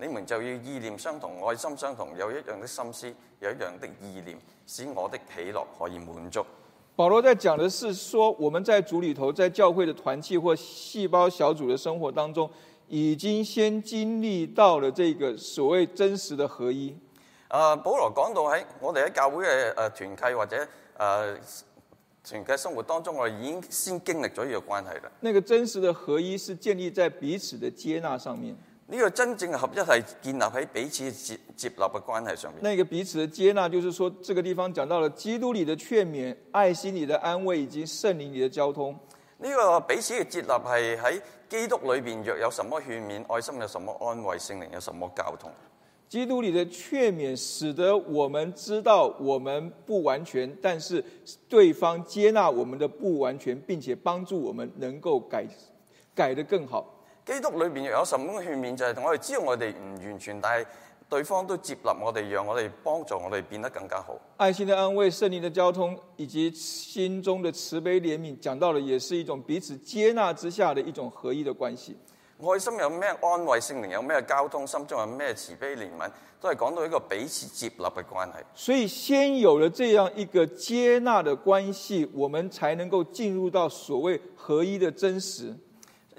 你們就要意念相同、愛心相同，有一樣的心思，有一樣的意念，使我的喜樂可以滿足。保羅在講的是說，我們在組裡頭，在教會的團契或細胞小組的生活當中，已經先經歷到了這個所謂真實的合一。啊，保羅講到喺我哋喺教會嘅誒、呃、團契或者誒、呃、團契生活當中，我哋已經先經歷咗呢個關係啦。那個真實的合一，是建立在彼此的接納上面。呢、個真正的合一係建立喺彼此接接納嘅關係上面。那個彼此嘅接納，就是說，這個地方講到了基督裏的勸勉、愛心裡的安慰以及聖靈裡的交通。呢、個彼此嘅接納係喺基督裏邊，若有什麼勸勉、愛心有什麼安慰、聖靈有什麼交通。基督裏的勸勉，使得我們知道我們不完全，但是對方接納我們的不完全，並且幫助我們能夠改改得更好。基督裏面又有什麼勸勉？就係、是、我哋知道我哋唔完全，但係對方都接納我哋，讓我哋幫助我哋變得更加好。愛心的安慰、聖靈的交通，以及心中的慈悲憐憫，講到的也是一種彼此接納之下的一種合一的關係。愛心有咩安慰性？聖靈有咩交通？心中有咩慈悲憐憫？都係講到一個彼此接納嘅關係。所以，先有了這樣一個接納的關係，我們才能夠進入到所謂合一的真實。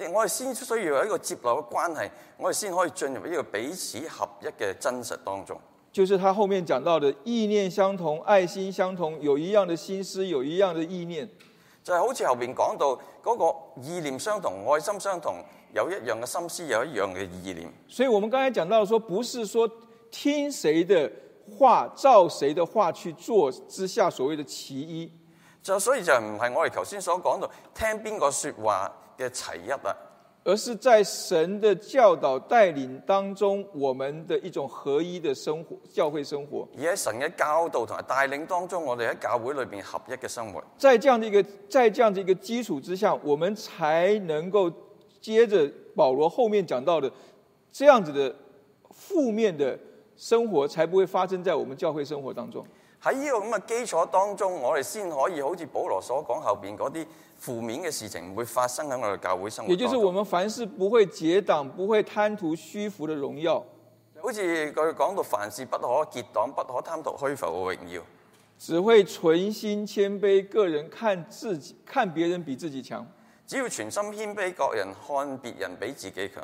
我哋先需要有一個接納嘅關係，我哋先可以進入一個彼此合一嘅真實當中。就是他後面講到的意念相同、愛心相同，有一樣的心思，有一樣的意念，就係、是、好似後邊講到嗰、那個意念相同、愛心相同，有一樣嘅心思，有一樣嘅意念。所以，我們剛才講到說，說不是說聽誰的話，照誰的話去做之下，所謂的其一，就所以就唔係我哋頭先所講到聽邊個說話。採藥的，啊、而是在神的教導帶領當中，我們的一種合一的生活，教會生活。而喺神嘅教導同埋帶領當中，我哋喺教會裏面合一嘅生活。在這樣的一個，在這樣的一個基礎之下，我們才能夠接着保羅後面講到的這樣子的負面的生活，才不會發生在我們教會生活當中。喺呢個咁嘅基礎當中，我哋先可以好似保羅所講，後邊嗰啲負面嘅事情唔會發生喺我哋教會生活當中。也就是我們凡事不會結黨，不會貪圖虛浮的榮耀。好似佢講到凡事不可結黨，不可貪圖虛浮嘅榮耀。只會存心謙卑，個人看自己，看別人比自己強。只要存心謙卑，各人看別人比自己強。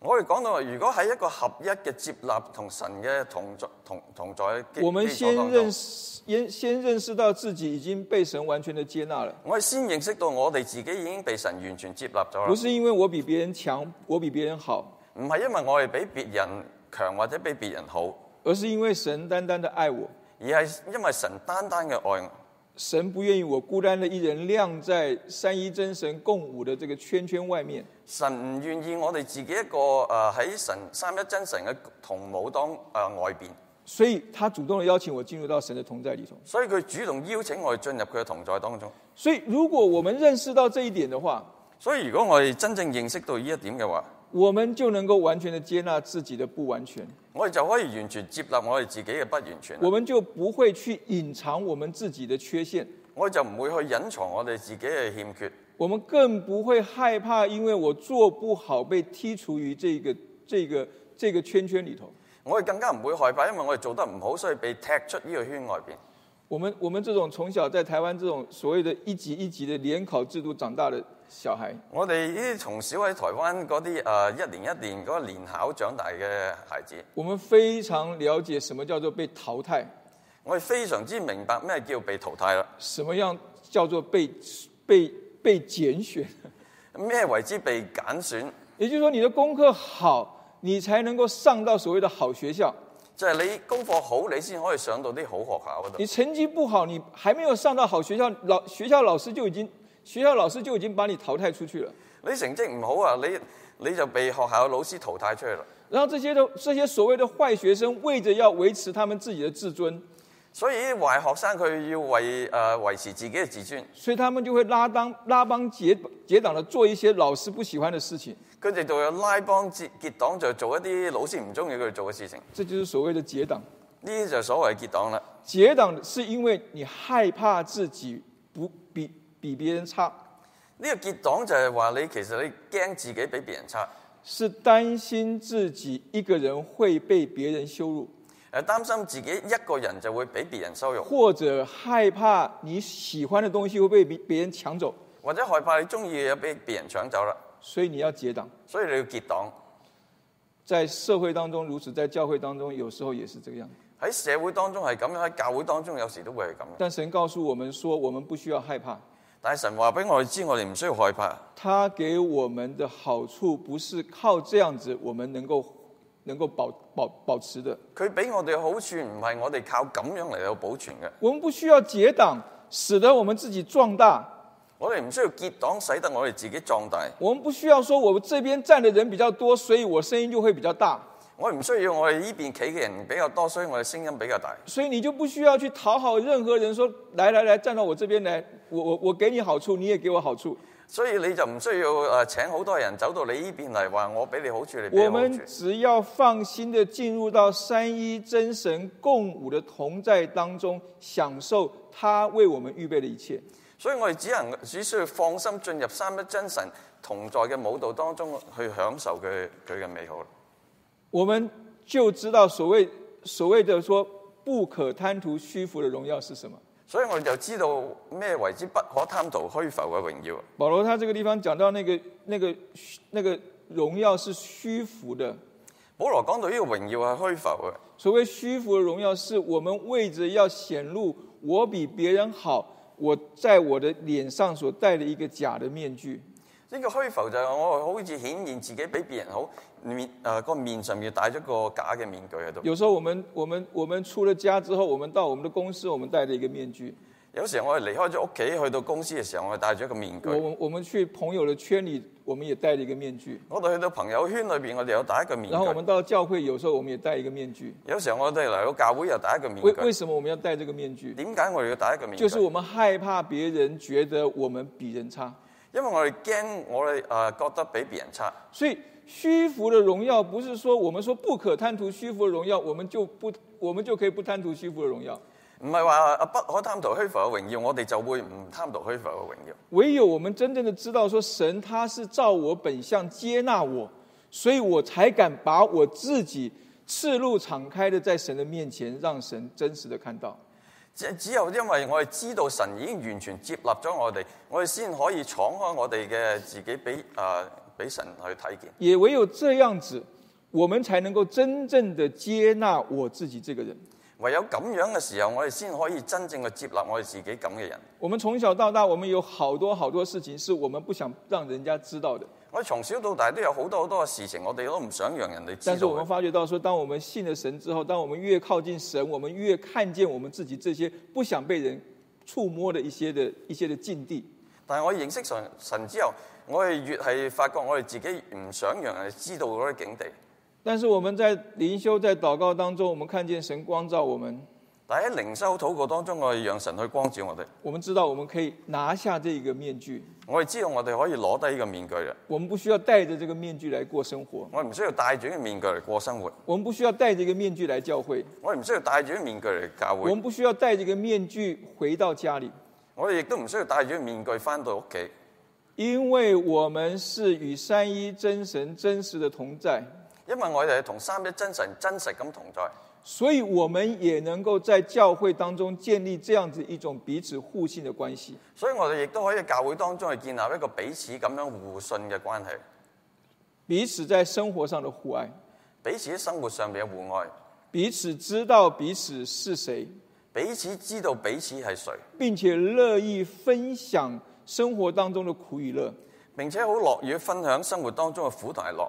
我哋講到，如果係一個合一嘅接納神同神嘅同，同在同同在我們先認認先，先認識到自己已經被神完全嘅接納了。我哋先認識到我哋自己已經被神完全接納咗。不是因為我比別人強，我比別人好。唔係因為我比別人強或者比別人好，而是因為神單單的愛我，而係因為神單單嘅愛我。神不願意我孤單的一人晾在三一真神共舞的這個圈圈外面。神唔願意我哋自己一個，誒、呃、喺神三一真神嘅同母當誒、呃、外邊。所以他，所以他主動邀請我進入到神嘅同在裏頭。所以，佢主動邀請我進入佢嘅同在當中。所以，如果我們認識到這一點的話，所以如果我哋真正認識到呢一點嘅話，我們就能夠完全的接納自己嘅不完全。我哋就可以完全接納我哋自己嘅不完全。我們就不會去隱藏我們自己嘅缺陷。我們就唔會去隱藏我哋自己嘅欠缺。我們更不會害怕，因為我做不好被剔除於這個、這個、這個、圈圈裏頭。我更加唔會害怕，因為我做得唔好，所以被踢出呢個圈外邊。我們我們這種從小在台灣這種所謂的一級一級的聯考制度長大的小孩，我哋呢從小喺台灣嗰啲誒一年一年嗰、那個聯考長大嘅孩子。我們非常了解，什麼叫做被淘汰，我哋非常之明白咩叫被淘汰啦，什麼樣叫做被被。被揀選咩，為之被揀選？也就是說，你的功課好，你才能夠上到所謂的好學校。就係你功課好，你先可以上到啲好學校度。你成績不好，你還沒有上到好學校，老學校老師就已經學校老師就已經把你淘汰出去了。你成績唔好啊，你你就被學校老師淘汰出去了。然後這些都這些所謂的壞學生，為着要維持他們自己的自尊。所以壞學生佢要維誒、呃、維持自己嘅自尊，所以他們就會拉當拉幫結結黨做一些老師不喜歡的事情。跟住就拉幫結結黨，就做一啲老師唔中意佢做嘅事情。這就是所謂的結黨，呢啲就是所謂的結黨啦。結黨是因為你害怕自己唔比比別人差。呢、這個結黨就係話你其實你驚自己比別人差，是擔心自己一個人會被別人羞辱。而擔心自己一個人就會被別人收容，或者害怕你喜歡的東西會被別別人搶走，或者害怕你中意嘅也被別人搶走了。所以你要結黨，所以你要結黨。在社會當中如此，在教會當中有時候也是這個樣。喺社會當中係咁樣，喺教會當中有時都會係咁樣。但神告訴我們說，我們不需要害怕。但係神話俾我哋知，我哋唔需要害怕。他給我們的好處，不是靠這樣子，我們能夠。能夠保保保持的，佢俾我哋好處，唔係我哋靠這樣嚟保存嘅。我們不需要結黨，使得我們自己壯大。我哋唔需要結黨，使得我哋自己壯大。我們不需要說，我這邊站的人比較多，所以我聲音就會比較大。我唔需要我哋呢邊企嘅人比較多，所以我聲音比較大。所以你就不需要去討好任何人說，說來來來，站到我這邊來，我我我給你好處，你也給我好處。所以你就唔需要誒，請好多人走到你呢邊嚟，話我俾你好處你。我們只要放心的進入到三一真神共舞的同在當中，享受他為我們預備的一切。所以我哋只能只需要放心進入三一真神同在嘅舞蹈當中，去享受佢佢嘅美好。我們就知道所謂所謂的說，不可貪圖虛浮的榮耀是什麼。所以我哋就知道咩為之不可貪圖虛浮嘅榮耀。保羅他這個地方講到那個、那個、那個榮耀是虛浮的。保羅講到呢個榮耀係虛浮嘅。所謂虛浮嘅榮耀，是我們為着要顯露我比別人好，我在我的臉上所戴嘅一個假的面具。呢、這個虛浮就係我好似顯現自己比別人好。面誒，個、呃、面上面戴咗個假嘅面具喺度。有時候我們、我們、我們出了家之後，我們到我們的公司，我們戴着一個面具。有時候我哋離開咗屋企，去到公司嘅時候，我們戴咗一個面具。我、我、我們去朋友嘅圈裏，我們也戴着一個面具。我哋去到朋友圈裏邊，我哋有戴一個面具。然後我們到教會，有時候我們也戴一個面具。有時候我哋嚟到教會又戴一個面具。為為什麼我們要戴這個面具？點解我哋要戴一個面具？就是我們害怕別人覺得我們比人差，因為我哋驚我哋誒、呃、覺得比別人差，所以。虛浮的榮耀，不是說我們說不可貪圖虛浮的榮耀，我們就不，我們就可以不貪圖虛浮的榮耀。唔係話不可貪圖虛浮嘅榮耀，我哋就會唔貪圖虛浮嘅榮耀。唯有我們真正的知道，說神他是照我本相接納我，所以我才敢把我自己赤露敞開的在神的面前，讓神真實的看到。只只有因為我哋知道神已經完全接納咗我哋，我哋先可以敞開我哋嘅自己俾俾神去睇見，也唯有這樣子，我們才能夠真正的接納我自己這個人。唯有咁樣嘅時候，我哋先可以真正嘅接納我哋自己咁嘅人。我們從小到大，我們有好多好多事情，是我們不想讓人家知道的。我從小到大都有好多好多嘅事情，我哋都唔想讓人哋知道。但是我們發覺到說，說當我們信了神之後，當我們越靠近神，我們越看見我們自己這些不想被人觸摸的一些的一些的境地。但係我認識神神之後。我哋越係發覺，我哋自己唔想讓人知道嗰啲境地。但是我們在靈修、在禱告當中，我們看見神光照我們。但喺靈修禱告當中，我哋讓神去光照我哋。我們知道我們可以拿下這個面具。我哋知道我哋可以攞低呢個面具嘅。我們不需要戴着這個面具來過生活。我哋唔需要戴住呢個面具嚟過生活。我們不需要戴着這個面具嚟教會。我哋唔需要戴住呢個面具嚟教會。我們不需要戴着個面具回到家裏。我亦都唔需要戴住呢個面具翻到屋企。因為我們是與三一真神真實的同在，因為我哋同三一真神真實咁同在，所以我們也能夠在教會當中建立這樣子一種彼此互信的關係。所以我哋亦都可以喺教會當中去建立一個彼此咁樣互信嘅關係，彼此在生活上的互愛，彼此喺生活上面嘅互愛，彼此知道彼此是誰，彼此知道彼此係誰，並且樂意分享。生活當中的苦與樂，並且好樂意分享生活當中的苦同樂，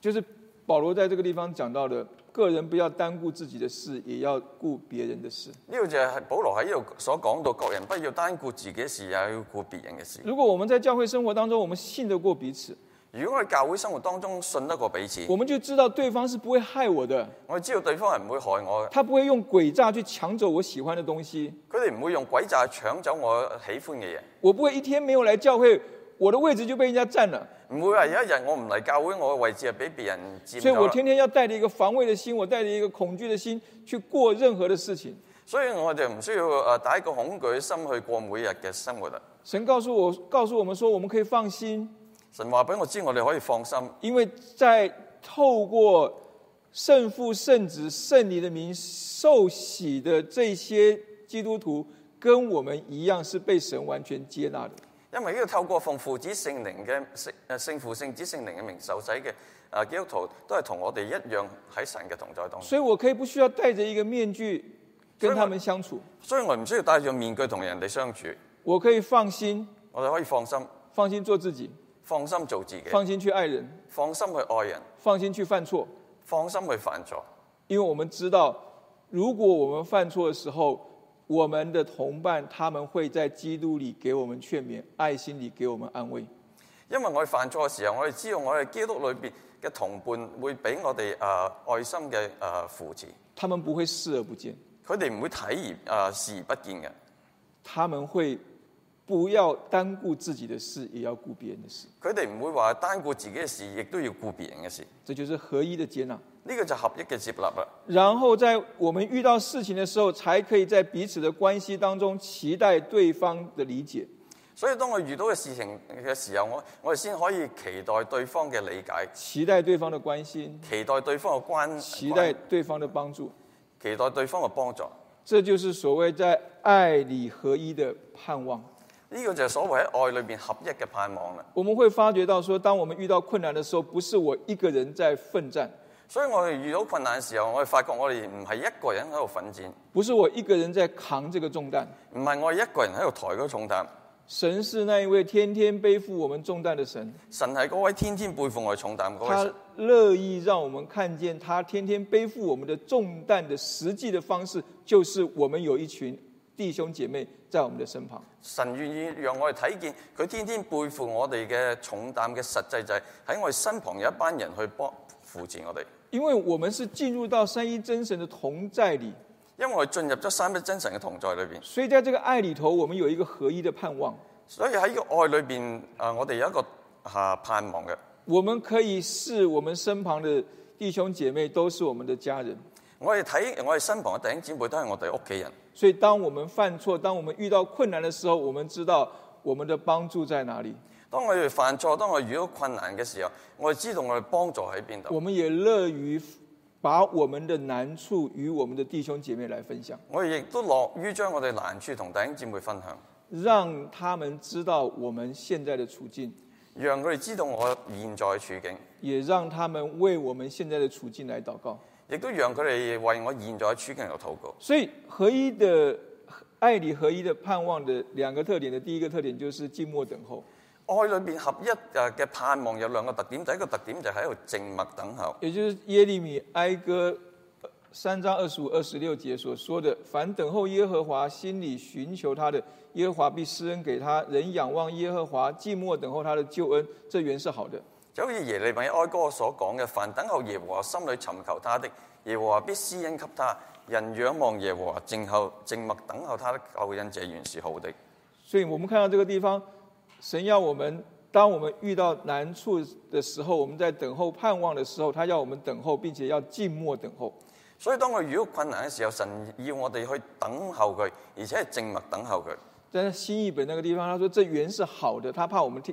就是保羅在這個地方講到的，個人不要單顧自己的事，也要顧別人的事。呢個就係保羅喺呢度所講到，各人不要單顧自己事，也要顧別人嘅事。如果我們在教會生活當中，我們信得過彼此。如果喺教會生活當中信得過彼此，我們就知道對方是不會害我的。我知道對方係唔會害我嘅。他不會用詭詐去搶走我喜歡的東西。佢哋唔會用詭詐搶走我喜歡嘅嘢。我不會一天沒有來教會，我的位置就被人家佔了。唔會話有一日我唔嚟教會，我嘅位置係俾別人佔。所以我天天要帶着一個防衛的心，我帶着一個恐懼的心去過任何嘅事情。所以我哋唔需要誒，帶一個恐懼心去過每日嘅生活啦。神告訴我，告訴我們說，我們可以放心。神話俾我知，我哋可以放心。因為在透過聖父、聖子、聖靈的名受洗的這些基督徒，跟我們一樣是被神完全接納的。因為要透過奉父子聖靈嘅聖聖父聖子聖靈嘅名受洗嘅啊基督徒，都係同我哋一樣喺神嘅同在當中。所以我可以我不需要戴着一個面具跟他們相處。所以我唔需要戴着面具同人哋相處。我可以放心，我哋可以放心，放心做自己。放心做自己，放心去愛人，放心去愛人，放心去犯錯，放心去犯錯。因為我們知道，如果我們犯錯的時候，我們的同伴他們會在基督裏給我們勸勉，愛心裏給我們安慰。因為我們犯錯嘅時候，我哋知道我哋基督裏邊嘅同伴會俾我哋誒、呃、愛心嘅誒、呃、扶持。他們不會視而不見，佢哋唔會睇而誒、呃、視而不見嘅，他們會。不要單顧自己的事，也要顧別人的事。佢哋唔會話單顧自己嘅事，亦都要顧別人嘅事。這就是合一的接納，呢個就合一嘅接納。然後在我們遇到事情的時候，才可以在彼此的關係當中期待對方的理解。所以當我遇到嘅事情嘅時候，我我哋先可以期待對方嘅理解，期待對方嘅關心，期待對方嘅關，期待對方嘅幫助，期待對方嘅幫助。這就是所謂在愛裏合一的盼望。呢、這個就係所謂喺愛裏邊合一嘅盼望啦。我們會發覺到，說當我們遇到困難的時候，不是我一個人在奮戰。所以我哋遇到困難嘅時候，我哋發覺我哋唔係一個人喺度奮戰，不是我一個人在扛這個重擔，唔係我一個人喺度抬個重擔。神是那一位天天背負我們重擔的神，神係嗰位天天背負我們重擔嗰位神。他樂意讓我們看見他天天背負我們的重擔的實際的方式，就是我們有一群。弟兄姐妹在我們的身旁，神願意讓我哋睇見佢天天背負我哋嘅重擔嘅實際就係喺我哋身旁有一班人去幫扶持我哋。因為我們是進入到三一真神的同在裏，因為我進入咗三一真神嘅同在裏邊。所以，在這個愛裏頭，我們有一個合一的盼望。所以喺個愛裏邊，誒，我哋有一個啊盼望嘅，我們可以視我們身旁的弟兄姐妹都是我們的家人。我哋睇我哋身旁嘅弟兄姊妹都係我哋屋企人，所以當我們犯錯，當我們遇到困難的時候，我們知道我們的幫助在哪裏。當我哋犯錯，當我遇到困難嘅時候，我哋知道我哋幫助喺邊度。我們也樂於把我們的難處與我們的弟兄姐妹來分享。我哋亦都樂於將我哋難處同弟兄姊妹分享，讓他們知道我們現在的處境，讓佢哋知道我哋現在嘅處境，也讓他們為我們現在的處境來禱告。亦都讓佢哋為我現在處境而禱告。所以合一的愛裏合一的盼望的兩個特點的，第一個特點就是靜默等候。愛裏面合一嘅盼望有兩個特點，第一個特點就喺度靜默等候。也就是耶利米哀歌三章二十五二十六節所說的：凡等候耶和華，心裏尋求他的，耶和華必施恩給他；人仰望耶和華，靜默等候他的救恩，這原是好的。就好似耶利米哀歌所講嘅，凡等候耶和華，心裏尋求他的，耶和華必施恩給他；人仰望耶和華，靜候靜默等候他的救恩，這原是好的。所以，我們看到這個地方，神要我們，當我們遇到難處的時候，我們在等候盼望的時候，他要我們等候，並且要靜默等候。所以，當我遇到困難嘅時候，神要我哋去等候佢，而且係靜默等候佢。但係新譯本那個地方，他說：這原是好的，他怕我們聽。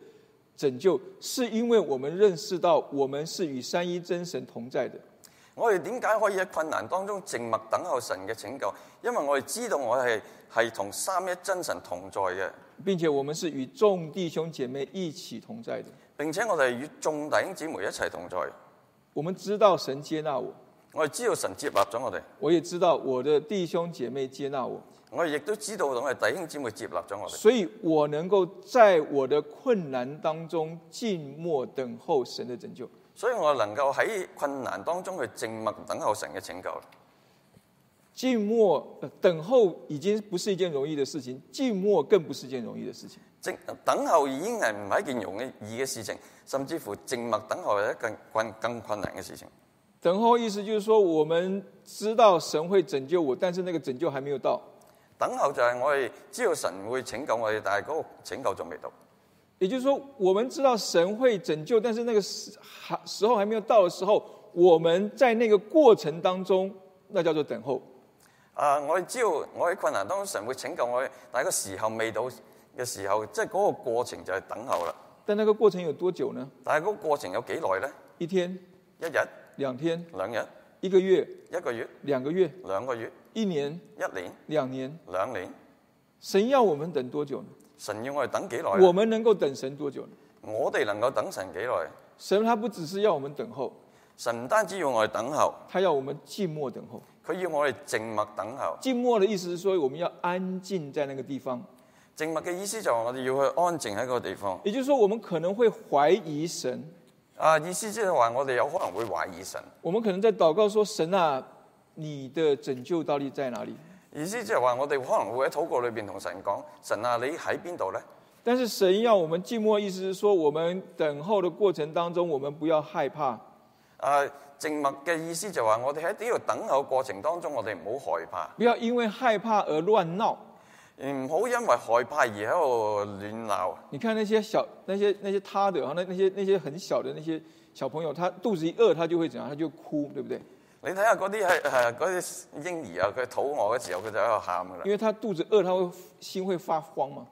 拯救，是因為我們認識到我們是與三一真神同在的。我哋點解可以喺困難當中靜默等候神嘅拯救？因為我哋知道我哋係同三一真神同在嘅，並且我們是與眾弟兄姐妹一起同在嘅，並且我哋與眾弟兄姊妹一齊同在。我們知道神接納我，我哋知道神接納咗我哋。我也知道我的弟兄姐妹接納我。我亦都知道，我係弟兄姊妹接納咗我哋。所以我能夠在我的困難當中靜默等候神的拯救。所以我能夠喺困難當中去靜默等候神嘅拯救。靜默、呃、等候已經不是一件容易的事情，靜默更不是一件容易的事情。靜等候已經係唔係一件容易嘅事情，甚至乎靜默等候係一件更，更，更困難嘅事情。等候意思就是說，我們知道神會拯救我，但是那個拯救還沒有到。等候就係我哋，只要神會拯救我哋，但係嗰個拯救仲未到。也就是說，我們知道神會拯救，但是那個時時候還沒有到嘅時候，我們在那個過程當中，那叫做等候。啊，我哋只要我喺困難當中，神會拯救我哋，但係個時候未到嘅時候，即係嗰個過程就係等候啦。但係那個過程有多久呢？但係嗰個過程有幾耐咧？一天、一日、兩天、兩日、一個月、一個月、兩個月、兩個月。一年，一年，兩年，兩年。神要我們等多久呢？神要我哋等幾耐？我們能夠等神多久呢？我哋能夠等神幾耐？神他不只是要我們等候，神唔單止要我哋等，等候，他要我們靜默等候。佢要我哋靜默等候。靜默的意思是說，我們要安靜在那個地方。靜默嘅意思就係我哋要去安靜喺個地方。也就是說，我們可能會懷疑神。啊，意思即係話，我哋有可能會懷疑神。我們可能在禱告說：神啊。你的拯救到底在哪裏？意思就係話，我哋可能會喺禱告裏面同神講：「神啊，你喺邊度呢？」但是神要我們靜默，意思是說，我們等候的過程當中，我們不要害怕。啊、呃，靜默嘅意思就係話，我哋喺呢度等候過程當中，我哋唔好害怕，不要因為害怕而亂鬧，唔好因為害怕而喺度亂鬧。你看那些小、那些、那些他的，那那些那些很小的那些小朋友，他肚子一餓，他就會怎樣？他就哭，對不對？你睇下嗰啲係係嗰啲嬰兒啊，佢肚餓嘅時候佢就喺度喊㗎喇。因為他肚子餓，他會心會發慌嘛。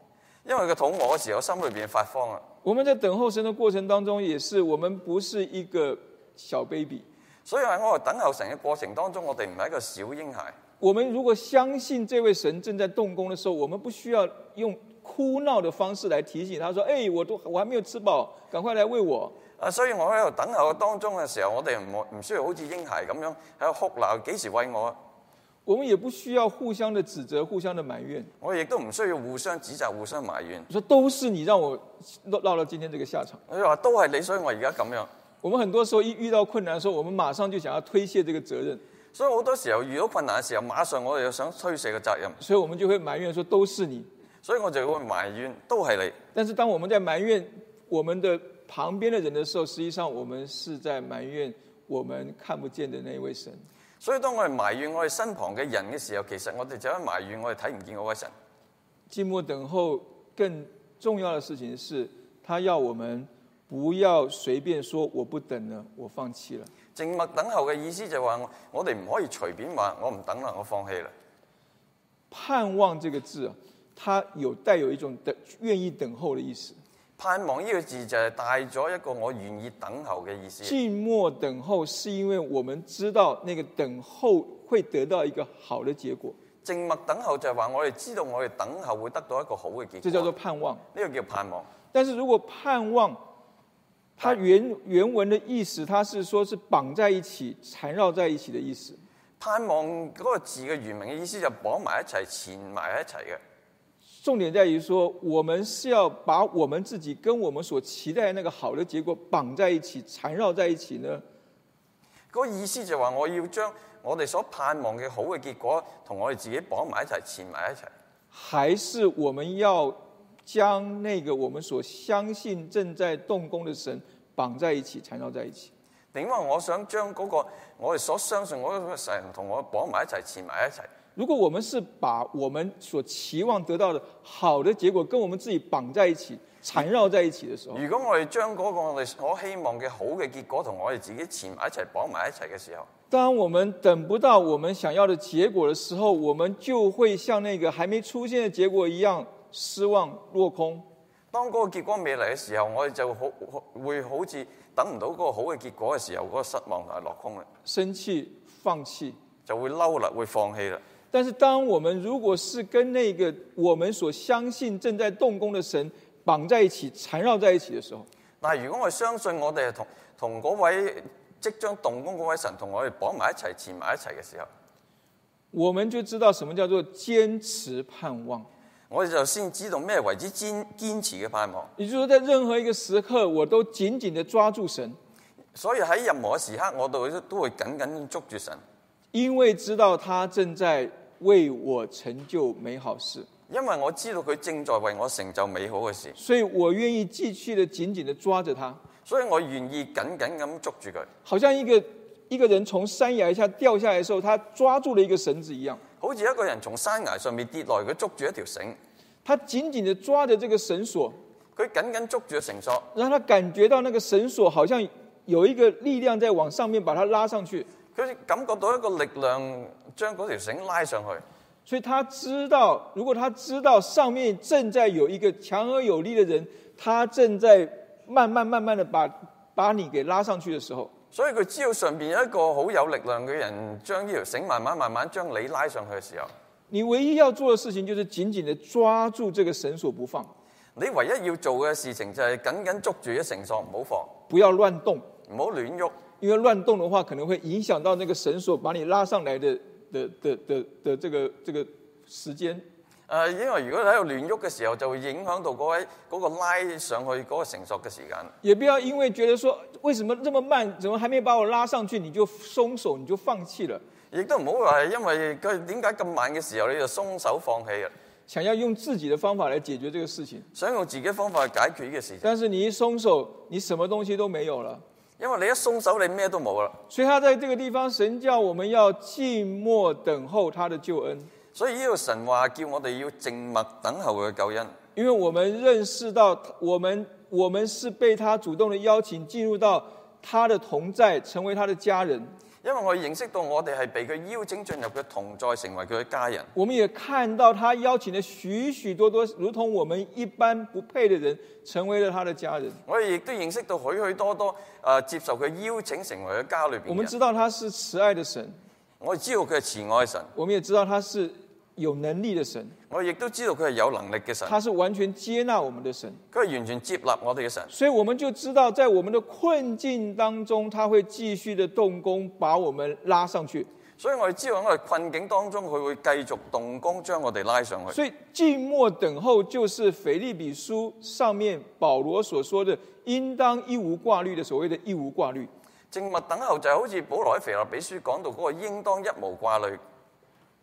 因為他肚餓的時候，心裏邊發慌啊。我們在等候神的過程當中，也是我們不是一個小 baby，所以喺我喺等候神的過程當中，我哋唔係一個小嬰孩。我們如果相信這位神正在動工的時候，我們不需要用哭鬧的方式來提醒他說，說、欸、哎，我都我還沒有吃飽，趕快來餵我。啊！所以我喺度等候嘅當中嘅時候，我哋唔唔需要好似嬰孩咁樣喺度哭鬧，幾時餵我？我們也不需要互相的指責，互相的埋怨。我亦都唔需要互相指責，互相埋怨。說都是你讓我落落到今天這個下場。你話都係你，所以我而家咁樣。我們很多時候一遇到困難嘅時候，說我們馬上就想要推卸這個責任。所以好多時候遇到困難嘅時候，馬上我哋又想推卸個責任。所以我們就會埋怨，說都是你。所以我就會埋怨，都係你。但是當我們在埋怨我們的。旁邊的人的時候，實際上我們是在埋怨我們看不見的那一位神。所以，當我們埋怨我們身旁的人的時候，其實我哋就喺埋怨我哋睇唔見嗰位神。靜默等候更重要的事情是，他要我們不要隨便說我不等了，我放棄了。靜默等候嘅意思就係話，我我哋唔可以隨便話我唔等啦，我放棄了。盼望這個字，它有帶有一種等願意等候的意思。盼望呢個字就係帶咗一個我願意等候嘅意思。靜默等候是因為我們知道那個等候會得到一個好的結果。靜默等候就係話我哋知道我哋等候會得到一個好嘅結果。這叫做盼望，呢個叫盼望。但是如果盼望，它原原文的意思，它是說是綁在一起，纏繞在一起嘅意思。盼望嗰個字嘅原名嘅意思就綁埋一齊，纏埋一齊嘅。重點在於說，我們是要把我們自己跟我們所期待那個好的結果綁在一起、纏繞在一起呢？嗰、那個意思就話，我要將我哋所盼望嘅好嘅結果同我哋自己綁埋一齊、纏埋一齊。還是我們要將那個我們所相信正在動工的神綁在一起、纏繞在一起？因為我想將嗰、那個我哋所相信我哋嗰個神同我綁埋一齊、纏埋一齊。如果我們是把我們所期望得到的好的結果跟我們自己綁在一起、纏繞在一起的時候，如果我哋將嗰個我哋所希望嘅好嘅結果同我哋自己纏埋一齊綁埋一齊嘅時候，當我們等不到我們想要的結果的時候，我們就會像那個還沒出現嘅結果一樣失望落空。當嗰個結果未嚟嘅時候，我哋就好會好似等唔到嗰個好嘅結果嘅時候，嗰個失望同埋落空嘅，生氣、放棄，就會嬲啦，會放棄啦。但是當我們如果是跟那個我們所相信正在動工的神綁在一起、纏繞在一起的時候，但如果我哋相信我哋同同嗰位即將動工嗰位神同我哋綁埋一齊纏埋一齊嘅時候，我們就知道什麼叫做堅持盼望。我哋就先知道咩為之堅堅持嘅盼望。也就是說，在任何一個時刻，我都緊緊地抓住神。所以喺任何時刻，我都會都會緊緊捉住神，因為知道他正在。為我成就美好事，因為我知道佢正在為我成就美好嘅事，所以我願意繼續的緊緊的抓着他，所以我願意緊緊咁捉住佢，好像一個一個人從山崖下掉下來的時候，他抓住了一個繩子一樣，好似一個人從山崖上面跌落來佢捉住一條繩，他緊緊地抓着這個繩索，佢緊緊捉住咗繩索，讓他感覺到那個繩索好像有一個力量在往上面把他拉上去。佢感覺到一個力量將嗰條繩拉上去，所以他知道，如果他知道上面正在有一個強而有力的人，他正在慢慢慢慢的把把你給拉上去的時候，所以佢知道上面有一個好有力量嘅人將呢條繩慢慢慢慢將你拉上去嘅時候，你唯一要做嘅事情就是緊緊的抓住這個繩索不放，你唯一要做嘅事情就係緊緊捉住啲繩索唔好放，不要亂動，唔好亂喐。因為亂動的話，可能會影響到那個繩索把你拉上來的的的的的，的，的這個這個時間。啊，因為如果你喺亂喐的時候，就會影響到嗰、那、位、個那個拉上去嗰、那個繩索的時間。也不要因為覺得說，為什麼這麼慢，怎麼還沒把我拉上去，你就鬆手，你就放棄了。亦都唔好話係因為佢點解咁慢的時候，你就鬆手放棄了，想要用自己的方法來解決這個事情。想用自己的方法去解決呢個事情。但是你一鬆手，你什麼東西都沒有了。因為你一鬆手，你咩都冇啦。所以他在這個地方，神叫我們要靜默等候他的救恩。所以呢個神話叫我哋要靜默等候佢嘅救恩。因為我們認識到，我們我們是被他主動的邀請進入到他的同在，成為他的家人。因為我認識到我哋係被佢邀請進入佢嘅同在，成為佢嘅家人。我們也看到他邀請咗許許多多，如同我們一般不配嘅人，成為了他嘅家人。我哋亦都認識到許許多多，誒、呃，接受佢邀請成為佢家裏面。我們知道他是慈愛嘅神，我知道佢係慈愛神。我哋也知道他是。有能力的神，我亦都知道佢係有能力嘅神。他是完全接納我們的神，佢係完全接納我哋嘅神。所以我們就知道，在我們的困境當中，他會繼續的動工，把我們拉上去。所以我哋知道喺個困境當中，佢會繼續動工，將我哋拉上去。所以靜默等候就是腓立比書上面保羅所說的，應當一無掛慮的所謂的“一無掛慮”。靜默等候就好似保羅喺腓立比書講到嗰個應當一無掛慮。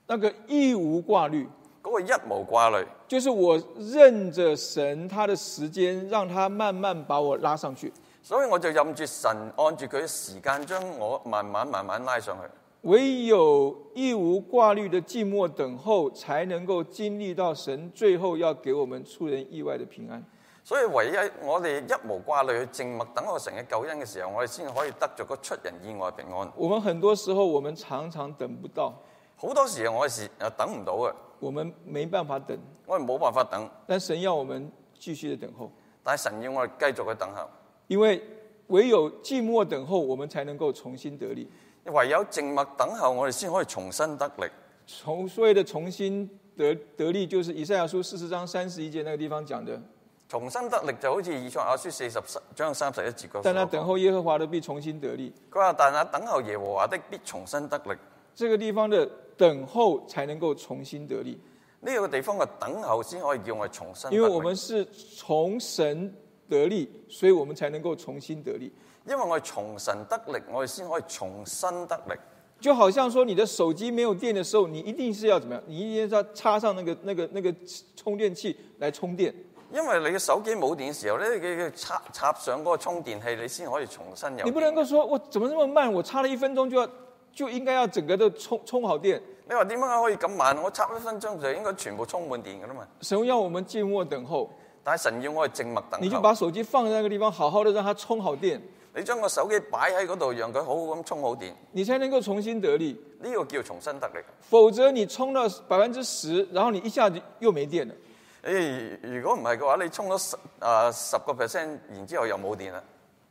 那個一無掛慮，嗰、那個一無掛慮，就是我認着神他的時間，讓他慢慢把我拉上去。所以我就任住神按住佢嘅時間，將我慢慢慢慢拉上去。唯有一無掛慮的寂寞等候，才能夠經歷到神最後要給我們出人意外的平安。所以唯一我哋一無掛慮去靜默等候神嘅救恩嘅時候，我哋先可以得着個出人意外平安。我們很多時候，我們常常等不到。好多時候我嘅事又等唔到嘅，我們沒辦法等，我哋冇辦法等。但神要我們繼續嘅等候，但神要我哋繼續去等候，因為唯有寂寞等候，我們才能夠重新得力。唯有靜默等候，我哋先可以重新得力。從所謂的重新得得力，就是以賽亞書四十章三十一節那個地方講的。重新得力就好似以賽亞書四十,十章三十一節的，但那等候耶和華的必重新得力。佢話：但那等候耶和華的必重新得力。這個地方的。等候才能夠重新得力，呢、這個地方嘅等候先可以叫我重新得力。因為我們是從神得力，所以我們才能夠重新得力。因為我係從神得力，我哋先可以重新得力。就好像說，你的手機沒有電的時候，你一定是要怎麼樣？你一定要插上那個、那個、那個充電器來充電。因為你嘅手機冇電的時候咧，插插上嗰個充電器，你先可以重新有。你不能夠說我怎麼那麼慢？我插了一分鐘就要。就應該要整個都充充好電。你話點樣可以咁慢？我差一分鐘就應該全部充滿電噶啦嘛。神要我們靜默等候，但係神要我哋靜默等候。你就把手機放在一個地方，好好的讓它充好電。你將個手機擺喺嗰度，讓佢好好咁充好電，你先能夠重新得力。呢、這個叫重新得力。否則你充到百分之十，然後你一下子又沒電了。誒、哎，如果唔係嘅話，你充咗十啊十個 percent，然之後又冇電啦。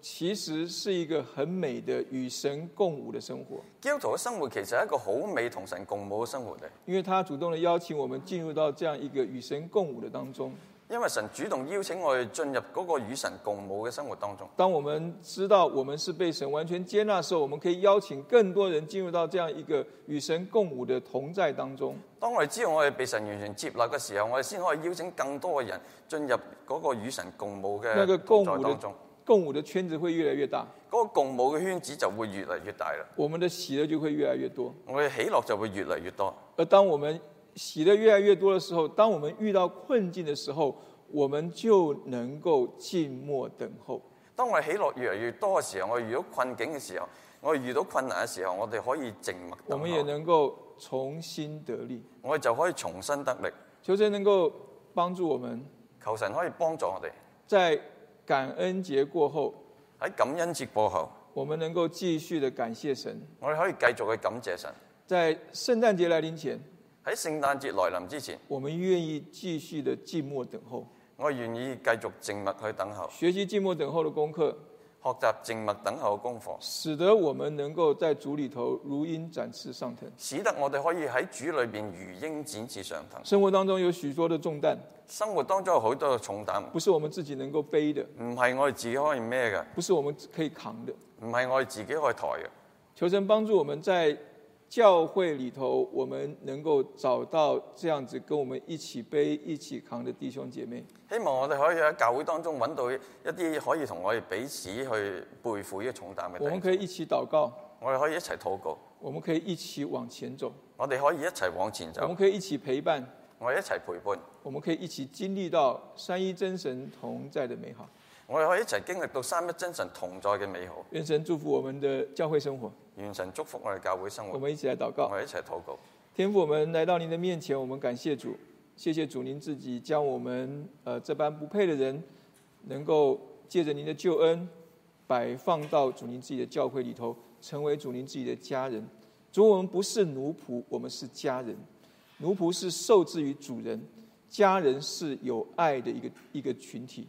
其實是一個很美的與神共舞的生活。基督徒嘅生活其實係一個好美同神共舞嘅生活嘅，因為他主動地邀請我們進入到這樣一個與神共舞的當中。因為神主動邀請我哋進入嗰個與神共舞嘅生活當中。當我們知道我們是被神完全接納的時候，我們可以邀請更多人進入到這樣一個與神共舞的同在當中。當我哋知道我哋被神完全接納嘅時候，我哋先可以邀請更多嘅人進入嗰個與神共舞嘅同在當中。共舞的圈子會越來越大，嗰個共舞嘅圈子就會越嚟越大啦。我們的喜樂就會越來越多，我哋喜樂就會越嚟越多。而當我們喜樂越來越多的時候，當我們遇到困境的時候，我們就能夠靜默等候。當我哋喜樂越嚟越多嘅時候，我們遇到困境嘅時候，我哋遇到困境嘅時候，我們遇到困難嘅時候，我哋可以靜默等候。我們也能夠重新得力，我哋就可以重新得力。求神能夠幫助我們，求神可以幫助我哋。在感恩節過後，喺感恩節過後，我們能夠繼續的感謝神。我哋可以繼續去感謝神。在聖誕節來臨前，喺聖誕節來臨之前，我們願意繼續的靜默等候。我願意繼續靜默去等候。學習靜默等候的功課。學習靜默等候功課，使得我們能夠在主裏頭如鷹展翅上騰。使得我哋可以喺主裏邊如鷹展翅上騰。生活當中有許多的重擔，生活當中有好多嘅重擔，不是我們自己能夠背的。唔係我哋自己可以孭嘅，不是我們可以扛嘅，唔係我哋自己可以抬嘅。求神幫助我們在。教會裏頭，我們能夠找到這樣子跟我們一起背、一起扛的弟兄姐妹。希望我哋可以喺教會當中揾到一啲可以同我哋彼此去背負一個重擔嘅弟兄。我們可以一起禱告。我哋可以一齊禱告。我們可以一起往前走。我哋可以一齊往前走。我們可以一起陪伴。我哋一齊陪伴。我們可以一起經歷到三一真神同在的美好。我們可以一起經歷到三一真神同在嘅美好。願神祝福我們的教會生活。願神祝福我哋教會生活。我們一起來禱告。我們一起禱告。天父，我們來到您的面前，我們感謝主，謝謝主，您自己將我們，誒、呃，這般不配的人，能夠借着您的救恩，擺放到主您自己的教會裡頭，成為主您自己的家人。主，我們不是奴僕，我們是家人。奴僕是受制於主人，家人是有愛的一個一個群體。